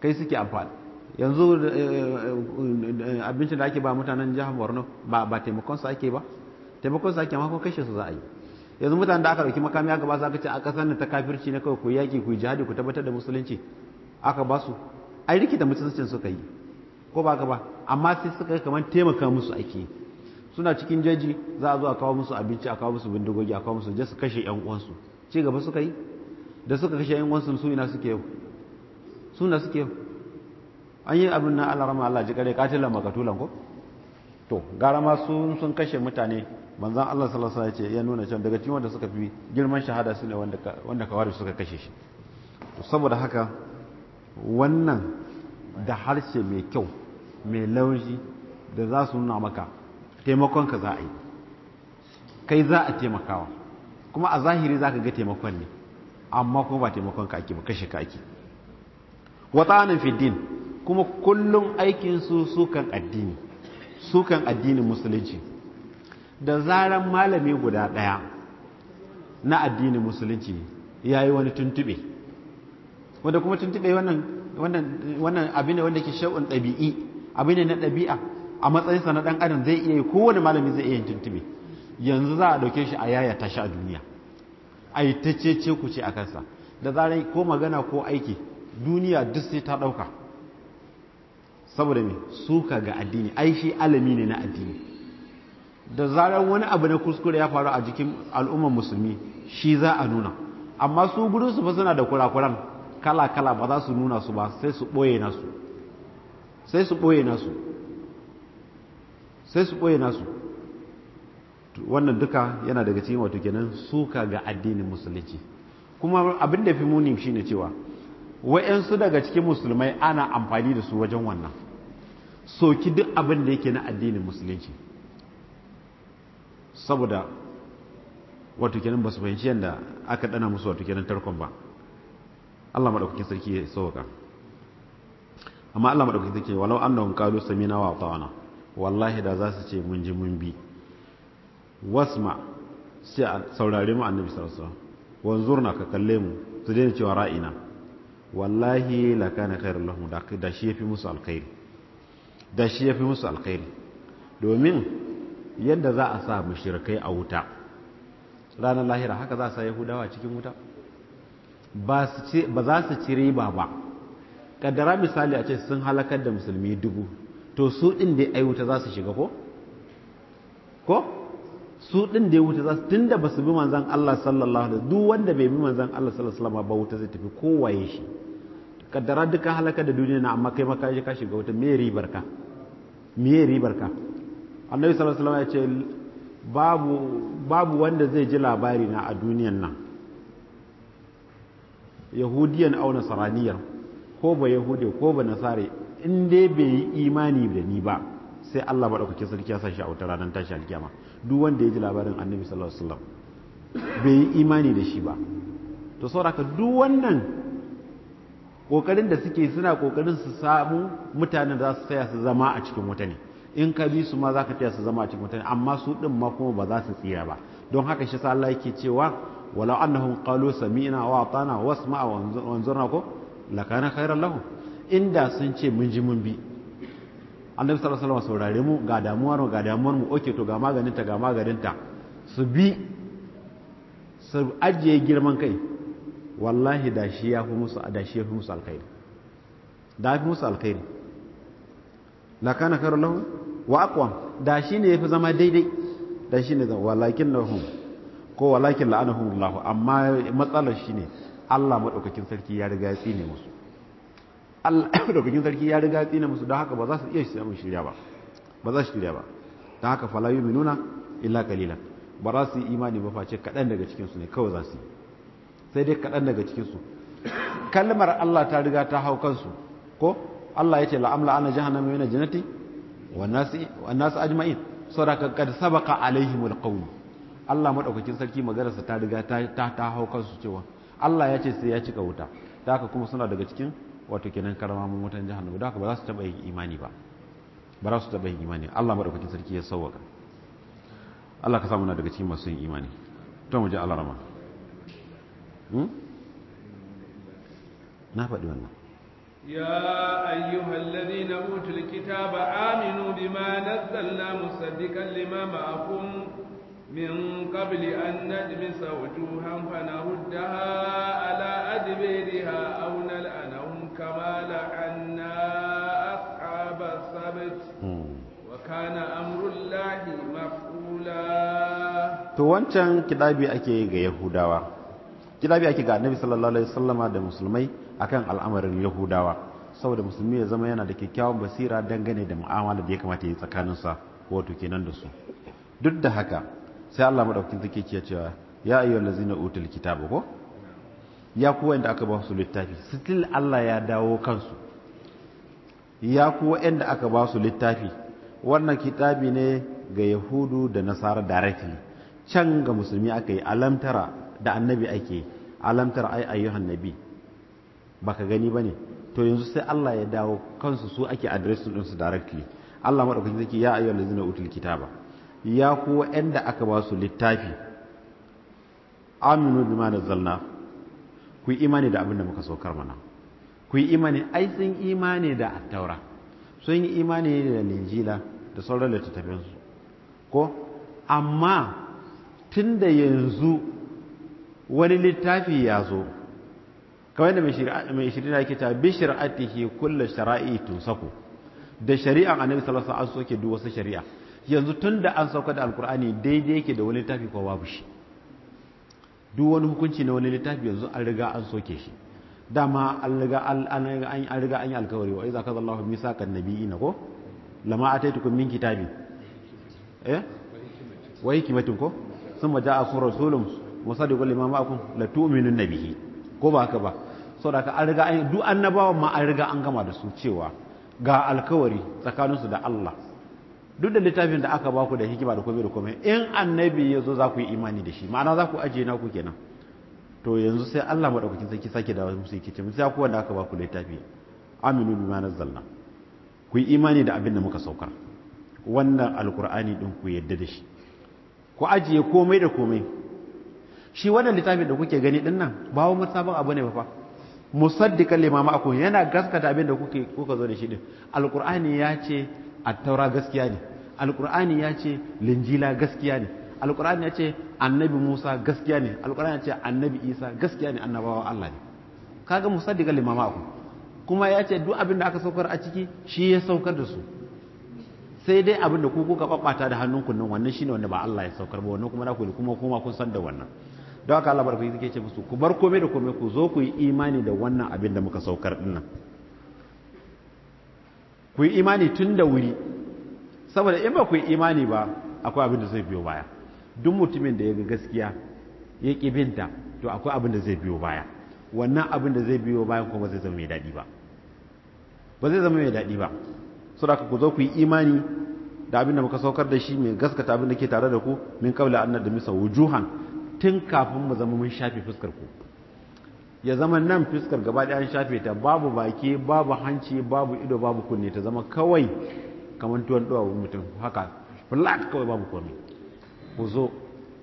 kai suke amfani yanzu eh, eh, eh, abincin da ake ba mutanen jihar borno ba taimakon su ake ba taimakon su ake mako kashe su za a yi yanzu mutanen da aka dauki makami aka ba su aka ce a kasar ta kafirci na kawai ku yaki ku jihadi ku tabbatar da musulunci aka ba su ai rikita mutuncin suka yi ko ba ka ba amma sai suka yi kamar taimaka musu ake suna cikin jeji za a zo a kawo musu abinci a kawo musu bindigogi a kawo musu je su kashe yan uwansu ci gaba suka yi da suka kashe yan uwansu su ina suke yau suna suke yau an yi abin nan Allah Allah ji kare katilan makatulan ko to gara ma sun sun kashe mutane manzon Allah sallallahu alaihi wasallam ya nuna cewa daga cikin wanda suka fi girman shahada su ne wanda wanda kawari suka kashe shi to saboda haka wannan da harshe mai kyau mai laushi da za su nuna maka taimakon ka za a yi kai za a taimakawa kuma a zahiri za ka ga taimakon ne amma kuma ba taimakon ka ake ba kashe ka ake wata anan fi din kuma kullum aikinsu sukan addini sukan addinin musulunci da zaran malami guda ɗaya na addinin musulunci ya yi wani tuntube wanda kuma tuntube wannan abin da wanda ke sha'un ɗabi'i abin ne na ɗabi'a a matsayinsa na ɗan adam zai iya yi kowane malami zai iya yin tuntube yanzu za a ɗauke shi a yaya tashi a duniya a yi ta ce ku ce a kansa da zarar ko magana ko aiki duniya duk sai ta ɗauka saboda me suka ga addini ai shi alami ne na addini da zarar wani abu na kuskure ya faru a jikin al'ummar musulmi shi za a nuna amma su gudun su da kurakuran kala kala ba za su nuna su ba sai su ɓoye nasu sai su ɓoye nasu sai su ɓoye nasu wannan duka yana daga cikin wato kenan suka ga addinin musulunci kuma abin da fi muni shine cewa wa'yansu daga cikin musulmai ana amfani da su wajen wannan soki duk abin da yake na addinin musulunci saboda wato kenan ba su fahimci yadda aka dana musu wato kenan tarkon ba Allah madaukakin sarki ya sauka amma Allah madaukakin sarki walau annahum qalu samina wa ata'na wallahi da za su ce mun ji mun bi wasma sai a saurare mu annabi sarasa wanzu wasallam wanzurna ka kalle mu su daina cewa ra'ina wallahi la kana khairul lahum da shi yafi musu alkhairi da shi ya fi musu alkhairi domin yadda za a sa mushrikai a wuta ranar lahira haka za a sa yahudawa cikin wuta ba za su ci riba ba kaddara misali a ce sun halakar da musulmi dubu to su ɗin da ya wuta za su shiga ko ko su ɗin da ya wuta za su tun da ba su bi manzan Allah sallallahu alaihi duk wanda bai bi manzan Allah sallallahu alaihi ba wuta zai tafi kowaye shi kaddara duka halakar da duniya na amma kai maka ka shiga wuta me ribar ka meye ribar ka annabi sallallahu alaihi wasallam ya ce babu babu wanda zai ji labari na a duniyan nan yahudiyan au nasaraniya ko ba yahudi ko ba nasare in dai bai yi imani da ni ba sai Allah dauke sarki ya sashi a wata ranar tashi alkiyama duk wanda ya ji labarin annabi sallallahu alaihi wasallam bai yi imani da shi ba to sauraka duk wannan ƙoƙarin da suke suna ƙoƙarin su samu mutanen za su tsaya su zama a cikin wuta ne in ka bi su ma za ka taya su zama a cikin wuta ne amma su ɗin ma kuma ba za su tsira ba don haka shi sa Allah yake cewa walau annahum qalu sami'na wa atana wasma'a wanzurna ko lakana khairan lahum inda sun ce mun ji mun bi annabi sallallahu alaihi wasallam saurare mu ga damuwar mu ga damuwar mu oke to ga maganin ta ga maganin ta su bi su ajiye girman kai wallahi da shi ya fi musu da shi ya fi musu alkhairi da fi musu alkhairi la kana khairul lahum wa aqwam da shi ne ya fi zama daidai da shi ne zama walakin lahum ko walakin la'anahum Allah amma matsalar shi ne Allah madaukakin sarki ya riga ya tsine musu Allah [COUGHS] madaukakin sarki ya riga ya tsine musu don haka ba za su iya samun shirya ba ba za su shirya ba don haka fala yu'minuna illa qalilan ba za su yi imani ba face kaɗan daga cikinsu ne kawai za su yi sai dai kaɗan daga cikinsu kalmar Allah ta riga ta hau kansu ko Allah ya ce la'amla ana jahannama yana jannati wa nasu ajma'in saboda kad sabaqa alaihimul qawl Allah madaukakin sarki maganarsa ta riga ta ta hau kansu cewa Allah ya ce sai ya cika wuta da haka kuma suna daga cikin wato kenan karamamin wutan jahannama da haka ba za su taba yin imani ba ba za su taba yin imani Allah madaukakin sarki ya sauwaka Allah ka samu na daga cikin masu yin imani to mu ji Allah Hmm? na faɗi wannan ya ayyuhalladhina na mutul kitaba aminu bima nazzalna musaddiqan lima ma'akum min kabili an najmisa hudu ha, ala adbiriha aw nal'anahum kama la'anna ashaba sabt hmm. wa kana amru llahi maf'ula to wancan kitabi ake ga yahudawa kira biya ake ga annabi sallallahu alaihi wasallama da musulmai akan al'amarin yahudawa saboda musulmi ya zama yana da kyakkyawan basira dangane da mu'amala da ya kamata ya yi sa wato kenan da su duk da haka sai Allah madaukakin take ke cewa ya ayyuhal ladzina utul kitaba ko ya ku wanda aka ba su littafi still Allah ya dawo kansu ya ku wanda aka ba su littafi wannan kitabi ne ga yahudu da nasara directly can ga musulmi aka yi alamtara da annabi ake alamtar ai ayyuhan nabi baka gani bane to yanzu sai Allah ya dawo kansu su ake addressing din su directly Allah madaukakin zaki ya ayyuhan lazina utul kitaba ya ku wa'anda aka ba su littafi aminu bima nazzalna ku yi imani da abin da muka saukar mana ku yi imani ai sun imani da attaura sun yi imani da linjila da sauran littattafansu ko amma tun da yanzu wani littafi ya zo kawai da mai shirina ke ta bi shari'atihi kulla shara'i tun sako da shari'a a nan salasa an soke duk wasu shari'a yanzu tun da an sauka da alkur'ani daidai yake da wani littafi ko babu shi duk wani hukunci na wani littafi yanzu an riga an soke shi dama an riga an yi alkawari wa iza kaza Allahu misaqan na ko lama ataitukum min kitabi eh wa hikmatin ko thumma ja'akum rasulun wasa da gwal la tu'minu nabihi ko ba haka ba saboda ka an riga an duk annabawan ma an riga an gama da su cewa ga alkawari tsakaninsu da Allah duk da littafin da aka baku da hikima da komai da komai in annabi ya zo za ku yi imani da shi ma'ana za ku ajiye naku kenan to yanzu sai Allah madaukakin sarki sake da musu yake ce sai ku wanda aka baku littafi aminu bima nazzalna ku yi imani da abin da muka saukar wannan alkur'ani din ku yadda da shi ku ajiye komai da komai shi wannan littafin da kuke gani din nan ba wa sabon abu ne ba fa musaddiqan lima ma'akum yana gaskata abin da kuke kuka zo da shi din alqur'ani ya ce at-taura gaskiya ne alqur'ani ya ce linjila gaskiya ne alqur'ani ya ce annabi Musa gaskiya ne alqur'ani ya ce annabi Isa gaskiya ne annabawa Allah ne kaga musaddiqan lima ma'akum kuma ya ce duk abin da aka saukar a ciki shi ya saukar da su sai dai abin da ku kuka babbata da hannun kunnen wannan shine wanda ba Allah ya saukar ba wannan kuma na kuli kuma kuma kun san da wannan don haka Allah barkai yake ce musu ku bar komai da komai ku zo ku yi imani da wannan abin da muka saukar dinnan ku yi imani tun da wuri saboda in ba ku yi imani ba akwai abin da zai biyo baya duk mutumin da ya ga gaskiya ya ki binta to akwai abin da zai biyo baya wannan abin da zai biyo baya kuma zai zama mai daɗi ba ba zai zama mai daɗi ba saboda da ku zo ku yi imani da abin da muka saukar da shi mai gaskata abin da ke tare da ku min kabla annad da misa wujuhan tun kafin mu zama mun shafe fuskar ku ya zama nan fuskar gaba ɗaya an shafe ta babu baki babu hanci babu ido babu kunne ta zama kawai kamar tuwon ɗuwa mutum haka flat kawai babu komai ku zo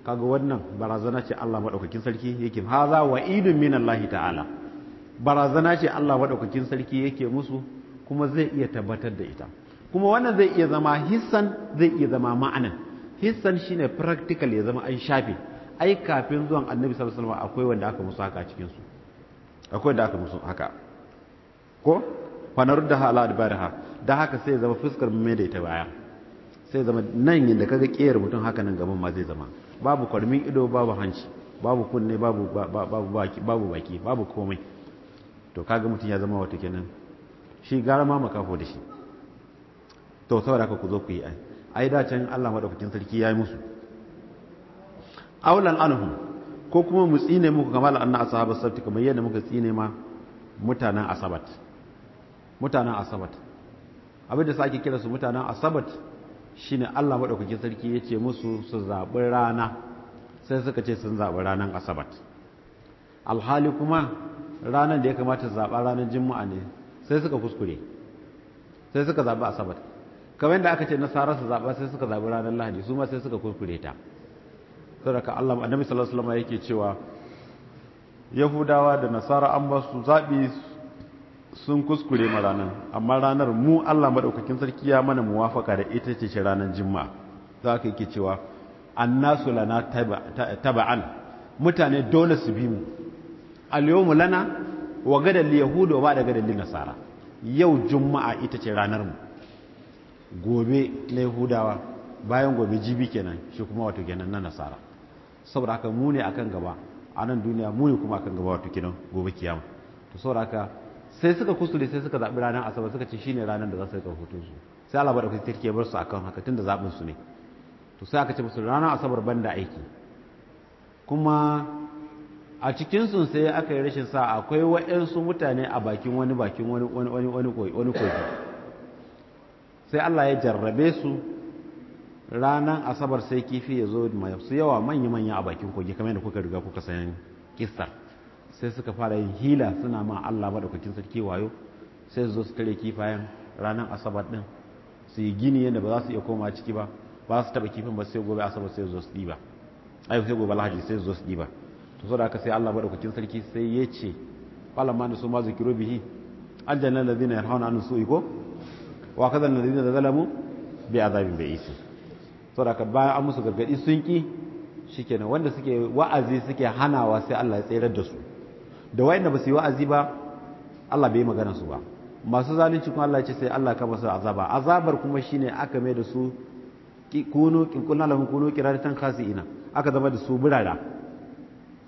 kaga wannan barazana ce Allah maɗaukakin sarki yake haza wa idun min Allah ta'ala barazana ce Allah maɗaukakin sarki yake musu kuma zai iya tabbatar da ita kuma wannan zai iya zama hissan zai iya zama ma'anan hissan shine practical ya zama an shafe ai kafin zuwan annabi sallallahu alaihi wasallam akwai wanda aka musu haka cikin su akwai wanda aka musu haka ko fa da hala adbaraha da haka sai zama fuskar mai da ita baya sai zama nan yadda kaga kiyar mutum haka nan gaban ma zai zama babu kwarmin ido babu hanci babu kunne babu baki babu baki babu komai to kaga mutum ya zama wata kenan shi gara ma makafo da shi to saboda haka ku zo ku yi ai ai da can Allah madaukakin sarki ya yi musu aulan anhu ko kuma mu tsine muku kamar anna ashabas sabti kamar yadda muka tsine ma mutanen asabat mutanen asabat abin da sake kira su mutanen asabat shine Allah madaukakin sarki yace musu su zabi rana sai suka ce sun zabi ranan asabat alhali kuma ranan da ya kamata su zaba ranan juma'a ne sai suka kuskure sai suka zabi asabat kamar yadda aka ce nasara su zaba sai suka zabi ranar lahadi su ma sai suka kuskure ta saboda Allah annabi sallallahu alaihi wasallam yake cewa yahudawa da nasara an ba su zabi sun kuskure ma ranar amma ranar mu Allah madaukakin sarki ya mana muwafaka da ita ce ranar juma'a za ka yake cewa annasu lana taba'an mutane dole su bi mu al lana wa gadan li yahudu wa da li nasara yau juma'a ita ce ranar mu gobe na yahudawa bayan gobe jibi kenan shi kuma wato kenan na nasara saboda haka mu ne a kan gaba a nan duniya mu ne kuma a kan gaba wato kenan gobe kiyama to saboda haka sai suka kusure sai suka zaɓi ranar asabar suka ce shine ranar da za su rika hutunsu sai Allah bada kusa take bar su akan haka tunda zaɓin su ne to sai aka ce musu ranar asabar banda aiki kuma a cikin sun sai aka yi rashin sa akwai waɗansu mutane a bakin wani bakin wani wani wani wani koyi sai Allah ya jarrabe su ranar asabar sai kifi ya zo masu yawa manya-manya a bakin kogi kamar yadda kuka riga kuka sayan kistar sai suka fara yin hila suna ma allah maɗaukakin sarki wayo sai su zo su tare kifayen ranar asabar ɗin su yi gini yadda ba za su iya koma ciki ba ba su taɓa kifin ba sai gobe asabar sai su zo su ɗiba ai sai gobe lahaji sai su zo su ɗiba to saboda haka sai allah maɗaukakin sarki sai ya ce falamma da su ma zikiro bihi aljanna lazina yarhauna an su'i ko wa kaza lazina zalamu bi azabin ba'isi saboda bayan an musu gargadi sun ki shikenan wanda suke wa'azi suke hanawa sai Allah ya tsayar da su da wayanda ba su yi wa'azi ba Allah bai magana su ba masu zalunci kuma Allah ya ce sai Allah ka basu azaba azabar kuma shine aka mai da su kunu kinkunna lahum kunu qiratan khasiina aka zama da su burara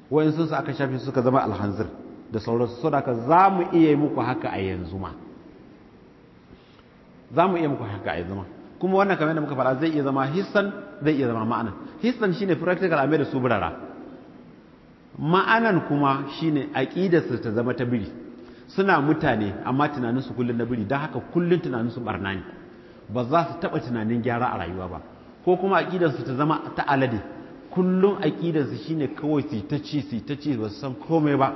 wayan sun su aka shafe suka zama alhanzir da sauransu saboda ka zamu iya yi muku haka a yanzu ma zamu iya muku haka a yanzu ma kuma wannan kamar da muka fara zai iya zama hissan zai iya zama ma'anan hissan shine practical a da su burara ma'anan kuma shine aqidarsu ta zama ta biri suna mutane amma tunaninsu kullum na biri don haka kullum tunaninsu barna ne ba za su taɓa tunanin gyara a rayuwa ba ko kuma aqidarsu ta zama ta alade kullum aqidarsu shine kawai su ta ci su ta ci ba su san komai ba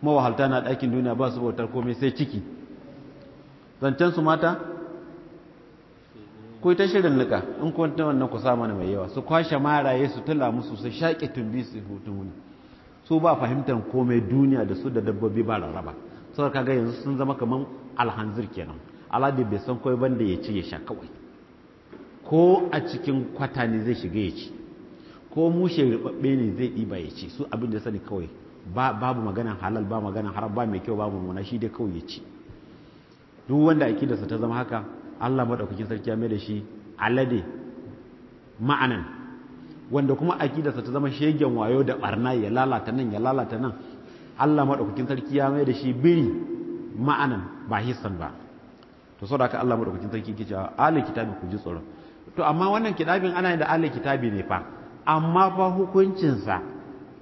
mawahalta na dakin duniya ba su bautar komai sai ciki zancen su mata ku ta shirin nuka in kun ta wannan ku sa mai yawa su kwashe maraye su tula musu su shaƙe tumbi su hutun wuni su ba fahimtar komai duniya da su da dabbobi ba rarraba saboda ga yanzu sun zama kamar alhanzir kenan aladi bai san kawai banda ya ci ya sha kawai ko a cikin kwata ne zai shiga ya ci ko mushe rubabbe ne zai ɗiba ya ci su abin da sani kawai babu maganan halal ba maganan haram ba mai kyau ba muna shi dai kawai ya ci duk wanda akidarsa ta zama haka Allah madaukakin sarki ya mai da shi alade ma'anan wanda kuma akidarsa ta zama shegen wayo da barna ya lalata nan ya lalata nan Allah madaukakin sarki ya mai da shi biri ma'anan ba hissan ba to saboda haka Allah madaukakin sarki yake cewa alil kitabi ku ji tsoro to amma wannan kitabin ana da alil kitabi ne fa amma fa hukuncinsa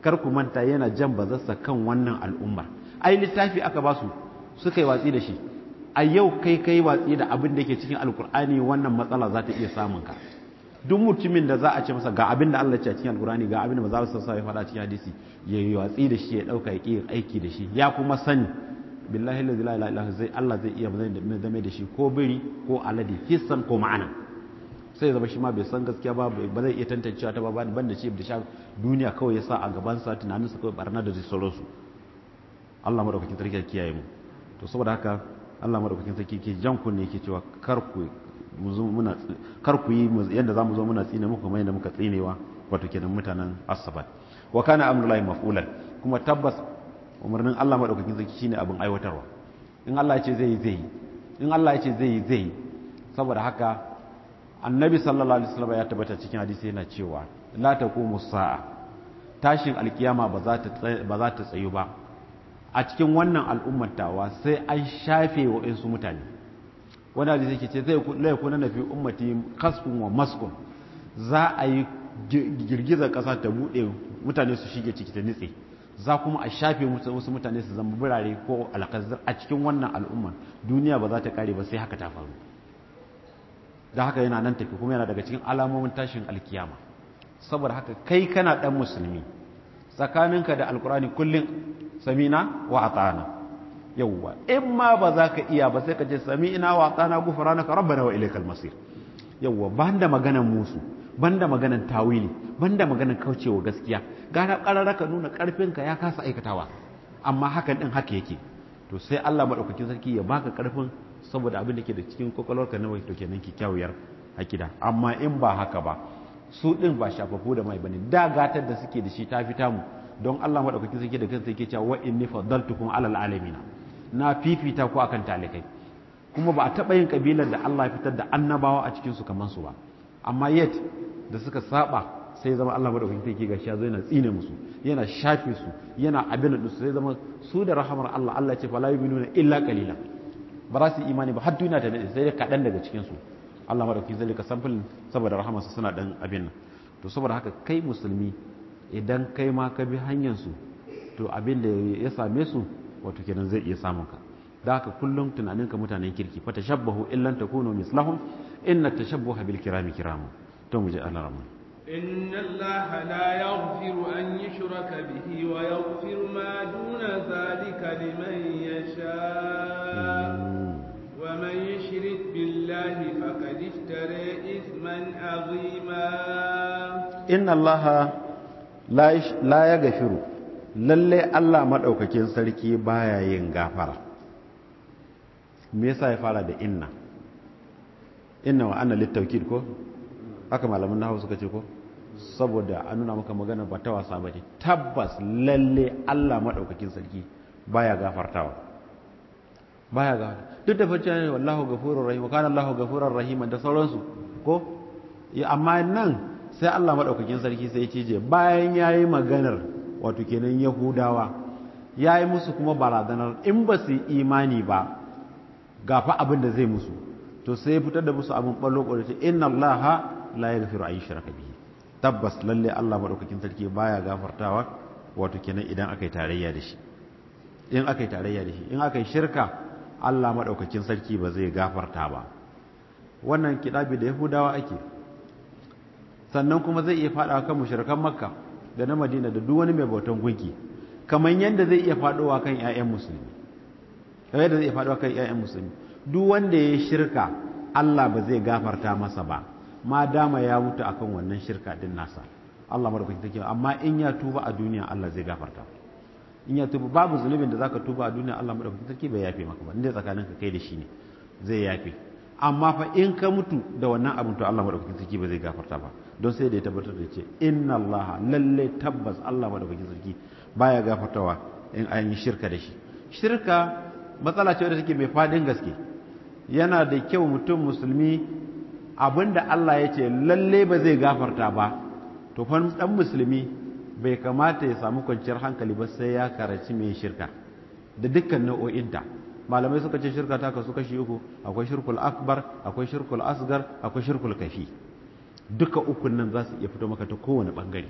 kar ku manta yana jan bazarsa kan wannan al'ummar ai littafi aka ba su suka yi watsi da shi a yau kai kai watsi da abin da ke cikin alkur'ani wannan matsala za ta iya samun ka duk mutumin da za a ce masa ga abin da Allah ya ce a cikin alkur'ani ga abin da za su sa ya faɗa cikin hadisi ya yi watsi da shi ya ɗauka ya ƙi aiki da shi ya kuma sani billahi la ilaha illa zai Allah zai iya zame da shi ko biri ko alade hissan ko ma'ana sai zama shi ma bai san gaskiya ba ba zai iya tantancewa ta ba ban da shi da sha duniya kawai ya sa a gaban gabansa tunaninsa kawai barna da su. Allah madaukakin sarki ya kiyaye mu to saboda haka Allah madaukakin sarki ke jan ku ne ke cewa kar ku muna yi yadda zamu zo muna tsine muku mai da muka tsinewa wato kenan mutanen asabat wa kana lahi maf'ulan kuma tabbas umarnin Allah madaukakin sarki shine abin aiwatarwa in Allah ya ce zai zai in Allah ya ce zai zai saboda haka annabi sallallahu alaihi wasallam ya tabbata cikin hadisi yana cewa la taqumu sa'a tashin alkiyama ba za ta tsayu ba a cikin wannan al'ummatawa sai an shafe wa insu mutane wanda da suke ce zai la na fi ummati kaskun wa maskun za a yi girgizar ƙasa ta buɗe mutane su shige ciki ta nitse za kuma a shafe wasu mutane su zama birare ko alƙazar a cikin wannan al'ummar duniya ba za ta ƙare ba sai haka ta faru da haka yana nan tafi kuma yana daga cikin alamomin tashin alkiyama saboda haka kai kana ɗan musulmi tsakaninka da alkur'ani kullum sami'na wa Atana, yawwa in ma ba za ka iya ba sai ka ce sami'na wa na rabba na wa ilaikal masir yawwa da maganan musu ban da maganan tawili ban banda maganan kaucewa gaskiya gara ƙararra ka nuna karfinka ya kasa aikatawa amma hakan din haka yake to sai Allah maɗaukacin sarki ya baka karfin saboda abin da ke da cikin ka na to kenan a akida amma in ba haka ba su ɗin ba shafafu da mai bane da gatar da suke da shi ta fita mu don Allah madaukaki suke da kansa yake cewa wa inni faddaltukum alal alamina na fifita ko akan talikai kuma ba a taba yin kabilar da Allah ya fitar da annabawa a cikin su kamar su ba amma yet da suka saba sai zama Allah madaukaki take gashi ya zo yana tsine musu yana shafe su yana abin da sai zama su da rahamar Allah Allah ce fala yu'minuna illa qalila ba za su imani ba har duniya ta dade sai kaɗan daga cikin su Allah madaukakin zai ka samfil saboda rahamarsa suna dan abin nan to saboda haka kai musulmi idan kai ma ka bi hanyar su to abin da ya same su wato kenan zai iya samun ka da haka kullum tunanin ka mutanen kirki fa tashabbahu illan takunu mislahum inna tashabbuha bil kirami kiramu to mu ji Allah rahman إن الله لا يغفر أن يشرك به ويغفر ما دون ذلك لمن يشاء ومن يشرك الله فقد افترى اثما عظيما ان الله لا يغفر lalle Allah maɗaukakin sarki baya yin gafara me yasa ya fara da inna inna wa anna littaukid ko haka malamin nahawu suka ce ko saboda an nuna maka magana ba ta wasa ba ce, tabbas lalle Allah maɗaukakin sarki baya gafartawa baya ga wani duk da fice ne wallahu ghafurur rahim kana Allahu ghafurur rahim da sauransu ko amma nan sai Allah maɗaukakin sarki sai ya cije bayan ya yi maganar wato kenan yahudawa ya yi musu kuma barazanar in ba su imani ba gafa abin da zai musu to sai fitar da musu abin ɓallo ko ce inna allaha la a yi shirka bihi tabbas lalle Allah maɗaukakin sarki baya gafartawa wato kenan idan aka yi tarayya da shi in aka yi tarayya da shi in aka yi shirka Allah maɗaukakin sarki ba zai gafarta ba wannan kiɗabi da yahudawa ake sannan kuma zai iya faɗa kan mushrikan makka da na madina da duk wani mai bautan gunki kamar yadda zai iya faɗowa kan 'ya'yan musulmi kamar yadda zai iya faɗowa kan 'ya'yan musulmi duk wanda ya shirka Allah ba zai gafarta masa ba ma dama ya mutu akan wannan shirka din nasa Allah madaukakin sarki amma in ya tuba a duniya Allah zai gafarta in ya tuba babu zunubin da zaka tuba a duniya Allah madaukakin sarki bai yafe maka ba inda tsakanin ka kai da shi ne zai yafe amma fa in ka mutu da wannan abin to Allah madaukakin sarki ba zai gafarta ba don sai da ya tabbatar da ce inna Allah lalle tabbas Allah madaukakin sarki baya gafartawa in an yi shirka da shi shirka matsala ce wadda take mai fadin gaske yana da kyau mutum musulmi abinda Allah ya ce lalle ba zai gafarta ba to fa dan musulmi bai kamata ya samu kwanciyar hankali ba sai ya karaci mai shirka da dukkan nau'o'inta malamai suka ce shirka ta kasu kashi uku akwai shirkul akbar akwai shirkul asgar akwai shirkul kafi duka ukun nan za su iya fito maka ta kowane bangare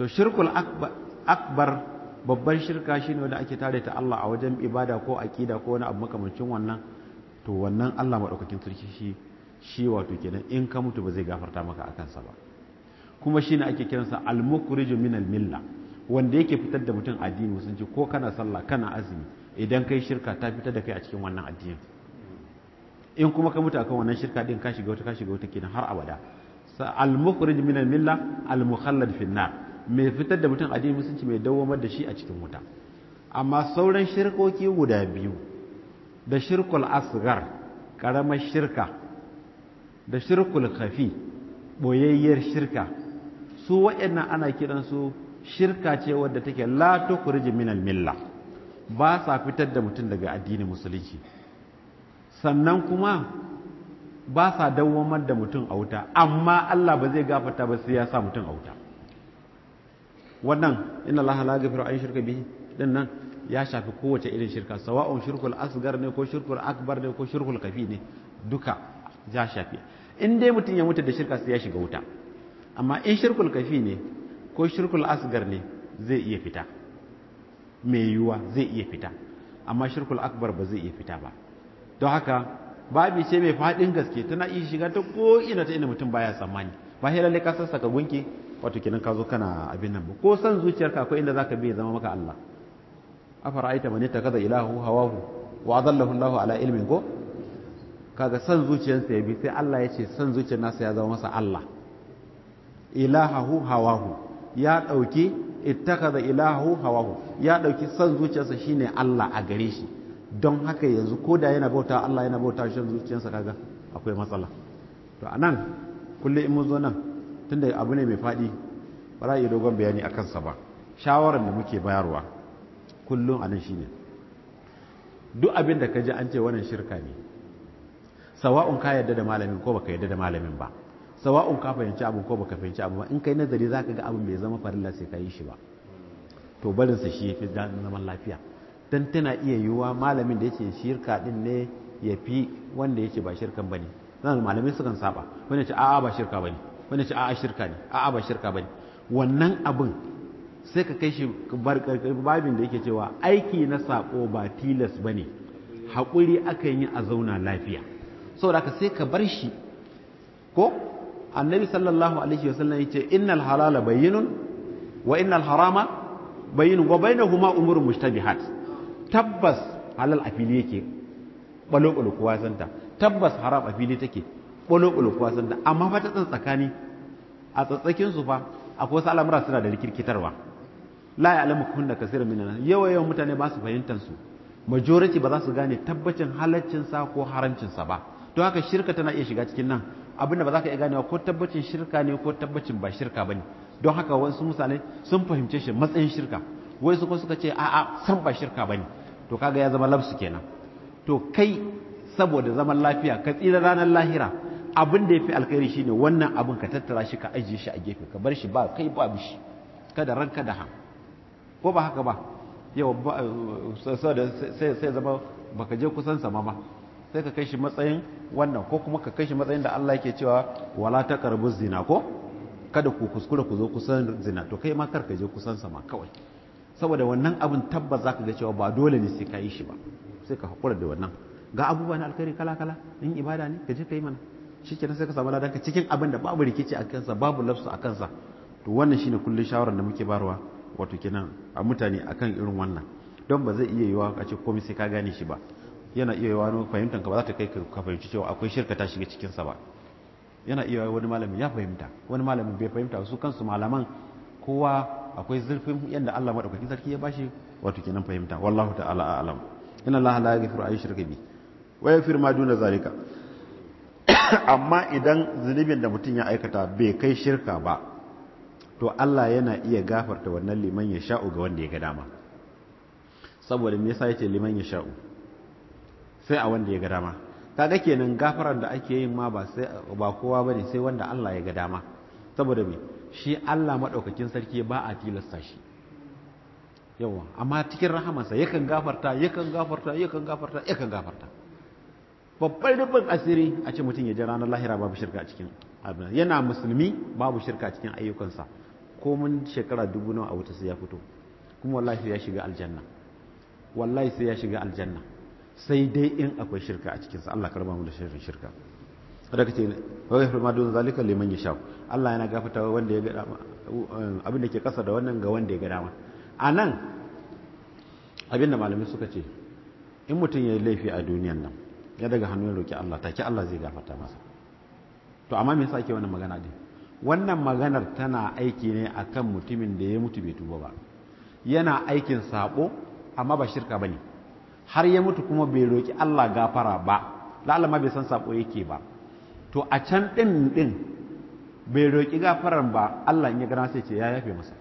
to shirkul akbar babban shirka shine wanda ake tare ta Allah a wajen ibada ko aƙida ko wani abu makamancin wannan to wannan Allah maɗaukakin sarki shi shi wato kenan in ka mutu ba zai gafarta maka a kansa ba kuma shine ake kiransa al-mukhrij min al-milla wanda yake fitar da mutum addini musulunci ko kana sallah kana azumi idan kai shirka ta fitar da kai a cikin wannan addinin in kuma ka mutu akan wannan shirka din ka shiga wata ka shiga wata kenan har abada al-mukhrij min al-milla al-mukhallad fi an-nar mai fitar da mutum addini musulunci mai dawwamar da shi a cikin wuta amma sauran shirkoki guda biyu da shirkul asgar karamar shirka da shirkul khafi boyayyar shirka su waɗannan ana kiransu shirka ce wadda take la tukhrijum min milla ba sa fitar da mutum daga addinin musulunci sannan kuma ba sa dawwamar da mutum a wuta amma Allah ba zai gafata ba sai ya sa mutum a wuta wannan inna Allah la yaghfiru an shirka bihi din nan ya shafi kowace irin shirka sawa'un shirkul asgar ne ko shirkul akbar ne ko shirkul kafi ne duka ya shafi in dai mutum ya mutu da shirka sai ya shiga wuta amma in shirkul kafi ne ko shirkul asgar ne zai iya fita mai yiwuwa zai iya fita amma shirkul akbar ba zai iya fita ba don haka babi ce mai faɗin gaske tana iya shiga ta ko ta ina mutum baya tsammani ba sai lalle ka ka gunki wato kenan ka zo kana abin nan ba ko san zuciyarka akwai inda zaka bi zama maka Allah mani ta ittakaza ilahu hawahu wa adallahu Allahu ala ilmin ko kaga san zuciyarsa ya bi sai Allah ya ce san zuciyar nasa ya zama masa Allah ilahahu hawahu ya ɗauki ittakaza ilahahu hawahu ya ɗauki son zuciyarsa shine Allah a gare shi don haka yanzu ko da yana bauta Allah yana bauta shi zuciyarsa kaga akwai matsala to anan kullum in mun zo nan tunda abu ne mai faɗi ba za a yi dogon bayani a kansa ba shawarar da muke bayarwa kullum anan shine duk abin da ka ji an ce wannan shirka ne sawa'un ka yarda da malamin ko baka yarda da malamin ba sawa'un ka fahimci abu ko baka fahimci abu ba in kai nazari zaka ga abin bai zama farilla sai ka yi shi ba to sa shi yafi zaman lafiya dan tana iya yiwuwa malamin da yake shirka din ne ya fi wanda yake ba shirkan bane nan malamai sukan saba wanda ce a'a ba shirka bane wanda ce a'a shirka ne a'a ba shirka bane wannan abin sai ka kai shi babin da yake cewa aiki na sako ba tilas bane hakuri akan yi a zauna lafiya saboda ka sai ka bar shi ko annabi sallallahu alaihi wasallam yace innal halala bayyinun wa innal harama bayyinun wa bainahuma umurun mushtabihat tabbas halal a fili yake balo balo kowa santa tabbas haram a fili take balo balo kowa santa amma fa ta tsan tsakani a tsatsakin su fa akwai wasu al'amura suna da rikirkitarwa la alamu kunna kasira minan yawa yawa mutane ba su fahimtar su majority ba za su gane tabbacin halaccin sa ko haramcin sa ba don haka shirka tana iya shiga cikin nan abinda ba za ka iya ganewa ko tabbacin shirka ne ko tabbacin ba shirka ba ne don haka wasu mutane sun fahimce shi matsayin shirka wai su suka ce a'a san ba shirka ba ne to kaga ya zama labsu kenan to kai saboda zaman lafiya ka tsira ranar lahira abin da yafi alkhairi shine wannan abin ka tattara shi ka ajiye shi a gefe ka bar shi ba kai ba shi kada ranka da ha ko ba haka ba yau eh, sai zama baka je kusan sama ba sai ka kai shi matsayin wannan ko kuma ka kai shi matsayin da Allah yake cewa wala ta karbu zina ko kada ku kuskura ku zo kusan zina to kai ma kar ka je kusan sama kawai saboda wannan abin tabbas zaka ga cewa ba dole ne sai ka yi shi ba sai ka hakura da wannan ga abubuwa na alkhairi kala kala in ibada ne ka je ka yi mana shikenan sai ka samu ladanka cikin abin da babu rikici a kansa babu lafsu a kansa to wannan shine kullun shawaran da muke barwa wato kenan a mutane akan irin wannan don ba zai iya yiwa a ce komai sai ka gane shi ba yana iya wani fahimtar ka ba za ta kai ka fahimci cewa akwai shirka ta shiga cikin sa ba yana iya wani malami ya fahimta wani malamin bai fahimta su kansu malaman kowa akwai zurfin yadda Allah madaukakin sarki ya bashi wato kenan fahimta wallahu ta'ala a'lam inna Allah la yaghfiru ay shirka bi wa yaghfiru ma duna zalika [COUGHS] amma idan zunubin da mutum ya aikata bai kai shirka ba to Allah yana iya gafarta wannan liman ya sha'u ga wanda ya ga dama saboda me yasa yace liman ya sha'u sai a wanda ya ga dama kaga kenan gafarar da ake yin ma ba sai ba kowa bane sai wanda Allah ya ga dama saboda me shi Allah madaukakin sarki ba a tilasta shi yawa amma cikin rahamarsa yakan gafarta yakan gafarta yakan gafarta yakan gafarta babbar dubban asiri a ce mutum ya ji ranar lahira babu shirka cikin abin yana musulmi babu shirka cikin ayyukansa ko mun shekara dubu nawa a wuta sai ya fito kuma wallahi wallahi sai ya shiga aljanna sai dai in akwai shirka a cikinsa Allah karba mu da shirin shirka kada ka ce wai hurma dun zalika liman yasha Allah yana gafata wanda ya ga dama abin da ke kasa da wannan ga wanda ya ga dama anan abinda da malamai suka ce in mutum ya yi laifi a duniyan nan ya daga hannun ya roki Allah take Allah zai gafata masa to amma me yasa ake wannan magana din wannan maganar tana aiki ne akan mutumin da ya mutu bai tuba ba yana aikin sabo amma ba shirka bane har ya mutu kuma bai roƙi Allah gafara ba lalama bai san sako yake ba to a can ɗin ɗin bai roƙi gafaran ba Allah in ya gana sai ce ya yafe masa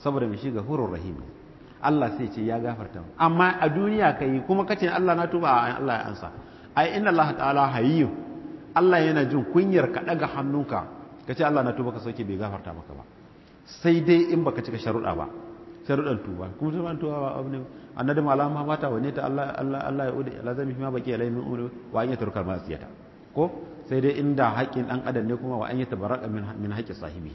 saboda mai shi gafurur rahim Allah sai ce ya gafarta amma a duniya ka yi kuma kace Allah na tuba Allah ya ansa ai inna Allah ta'ala hayyu Allah yana jin kunyar ka daga hannunka kace Allah na tuba ka sauke bai gafarta maka ba sai dai in baka cika sharuɗa ba sharuɗan tuba kuma tuba tuba ba abu ne annadum alama mata wa ta Allah Allah Allah ya ude la zami ma baki alai min umri wa an yatrukal ma'siyata ko sai dai inda haƙin dan adam ne kuma wa an yatabarraqa min min haqqi sahibi.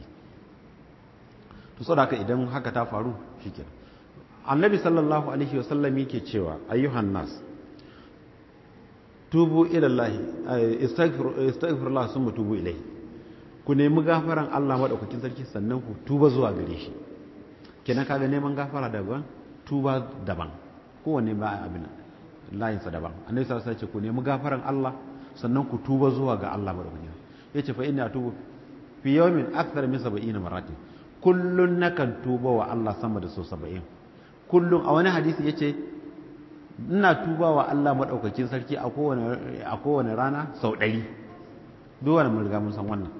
to saboda idan haka ta faru shikenan annabi sallallahu alaihi wa sallam yake cewa ayyuhan nas tubu ila Allah istaghfiru istaghfirullah summa tubu ilayhi ku nemi gafaran Allah madaukakin sarki sannan ku tuba zuwa gare shi kenan kaga neman gafara daban tuba daban kowanne ba abin layinsa daban annabi sallallahu alaihi ce ku nemi gafaran Allah sannan ku tuba zuwa ga Allah madaukakin yace fa ina tubu fi yawmin akthar min 70 maratin kullun nakan tuba wa Allah sama da so 70 kullun a wani hadisi yace ina tuba wa Allah madaukakin sarki a kowane a kowane rana sau 100 duk wannan mun riga mun san wannan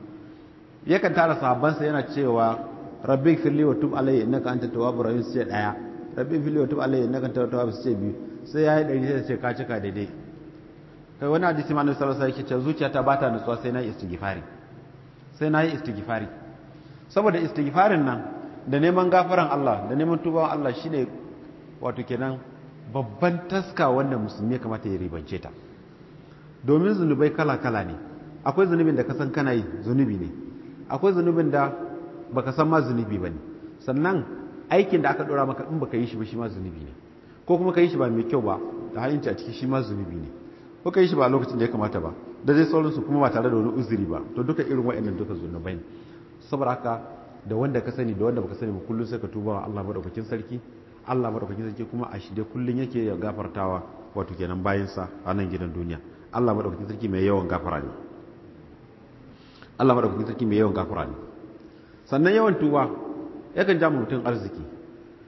yakan tara sahabbansa yana cewa rabbi firli wa tub alayya innaka anta tawwabur rahim sai daya rabbi fili wa tuba alayhi innaka tawwab su ce biyu sai ya yi ɗari sai ce ka cika daidai kai wani hadisi ma na sallallahu alaihi wasallam zuciya ba ta nutsuwa sai na yi istighfari sai na istighfari saboda istighfarin nan da neman gafaran Allah da neman tubawan Allah shine wato kenan babban taska wanda musulmi kamata ya ribance ta domin zunubai kala-kala ne akwai zunubin da ka san kana yi zunubi ne akwai zunubin da baka san ma zunubi ba ne sannan aikin da aka dora maka in baka yi shi ba shi ma zunubi ne ko kuma ka yi shi ba mai kyau ba da halinci a ciki shi ma zunubi ne ko ka yi shi ba lokacin da ya kamata ba da zai sauransu kuma ba tare da wani uzuri ba to duka irin waɗannan duka zunubai ne saboda haka da wanda ka sani da wanda baka sani ba kullum sai ka tuba wa Allah madaukakin sarki Allah madaukakin sarki kuma a shirye kullum yake ya gafartawa wato kenan sa a nan gidan duniya Allah madaukakin sarki mai yawan gafara ne Allah madaukakin sarki mai yawan gafara ne sannan yawan tuba yakan ja mutum arziki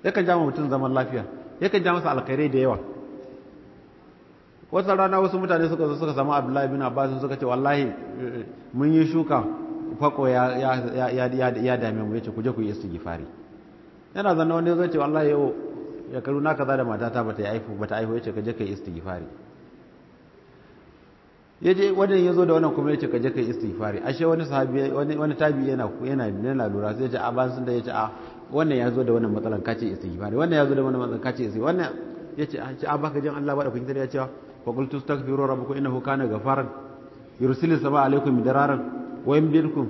yakan ja mutum zaman lafiya yakan ja masa alkhairai da yawa wata rana wasu mutane suka zo suka samu abdullahi bin abbas suka ce wallahi eh, mun yi shuka fako ya dame mu yace ku je ku yi istighfari yana zanna wani zai ce wallahi yau ya karu na kaza da matata bata aifu bata aifu yace ka je ka yi istighfari yaje wannan yazo da wannan kuma yace ce kaje kai istighfari ashe wani sahabi wani wani tabi yana yana yana lura sai yace a ban sun da yace a wannan yazo da wannan matsalan kace istighfari wannan yazo da wannan matsalan kace istighfari wannan yace a baka jin Allah bada kun tare yace fa qultu astaghfiru rabbakum innahu kana ghafaran yursilu sama alaikum midararan wa birkun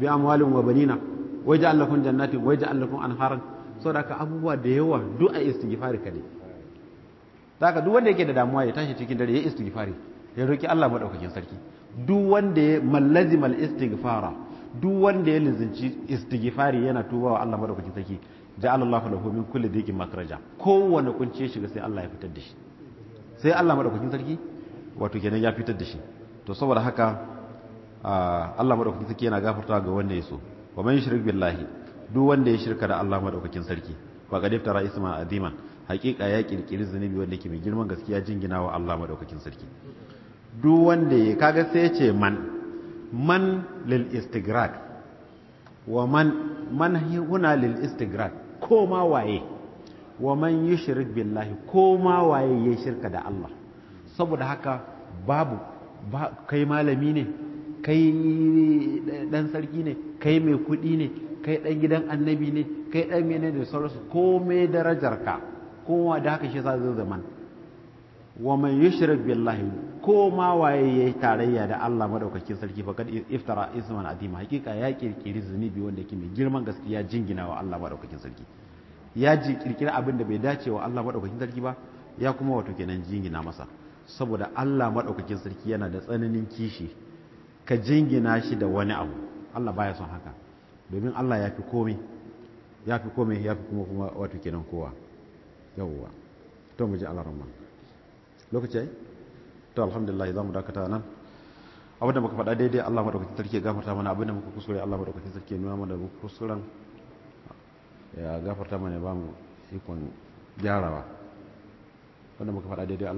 bi amwalin wa banina wa yaj'al lakum jannatin wa yaj'al lakum anharan da ka abubuwa da yawa du'a a istighfari kade ka duk wanda yake da damuwa ya tashi cikin dare ya istighfari ya roki Allah maɗaukakin sarki duk wanda ya mal istighfara duk wanda ya lizinci istighfari yana tuba wa Allah maɗaukakin sarki ja'ala Allahu lahu min kulli dhiqin makhraja kowanne kunce shiga sai Allah ya fitar da shi sai Allah maɗaukakin sarki wato kenan ya fitar da shi to saboda haka Allah maɗaukakin sarki yana gafarta ga wanda ya so wa man yushrik billahi duk wanda ya shirka da Allah maɗaukakin sarki wa qad iftara isma adiman hakika ya kirkiri zunubi wanda yake mai girman gaskiya jingina wa Allah maɗaukakin sarki duk wanda ya kaga sai ce man man lil istigrad wa man man huna lil istigrad ko ma waye wa man yushrik billahi ko ma waye ya shirka da Allah saboda haka babu kai malami ne kai dan sarki ne kai mai kuɗi ne kai dan gidan annabi ne kai dan mene da sauransu mai darajarka kowa da haka shi sa zai zaman wa man yushrik billahi ko ma waye yi tarayya da Allah madaukakin sarki fa kad iftara isman adima hakika ya kirkiri zunubi wanda yake mai girman gaskiya jingina wa Allah madaukakin sarki ya ji kirkiri abin da bai dace wa Allah madaukakin sarki ba ya kuma wato kenan jingina masa saboda Allah madaukakin sarki yana da tsananin kishi ka jingina shi da wani abu Allah baya son haka domin Allah ya fi komai ya fi komai ya fi kuma kuma wato kenan kowa yawwa to mu ji Allah rahman lokaci to alhamdulillah za mu dakata nan abinda muka faɗa daidai Allah madaukakin sarki ya gafarta mana abinda muka kuskure Allah madaukakin sarki ya nuna mana da kuskuren ya gafarta mana ya ba mu ikon gyarawa wanda muka faɗa daidai Allah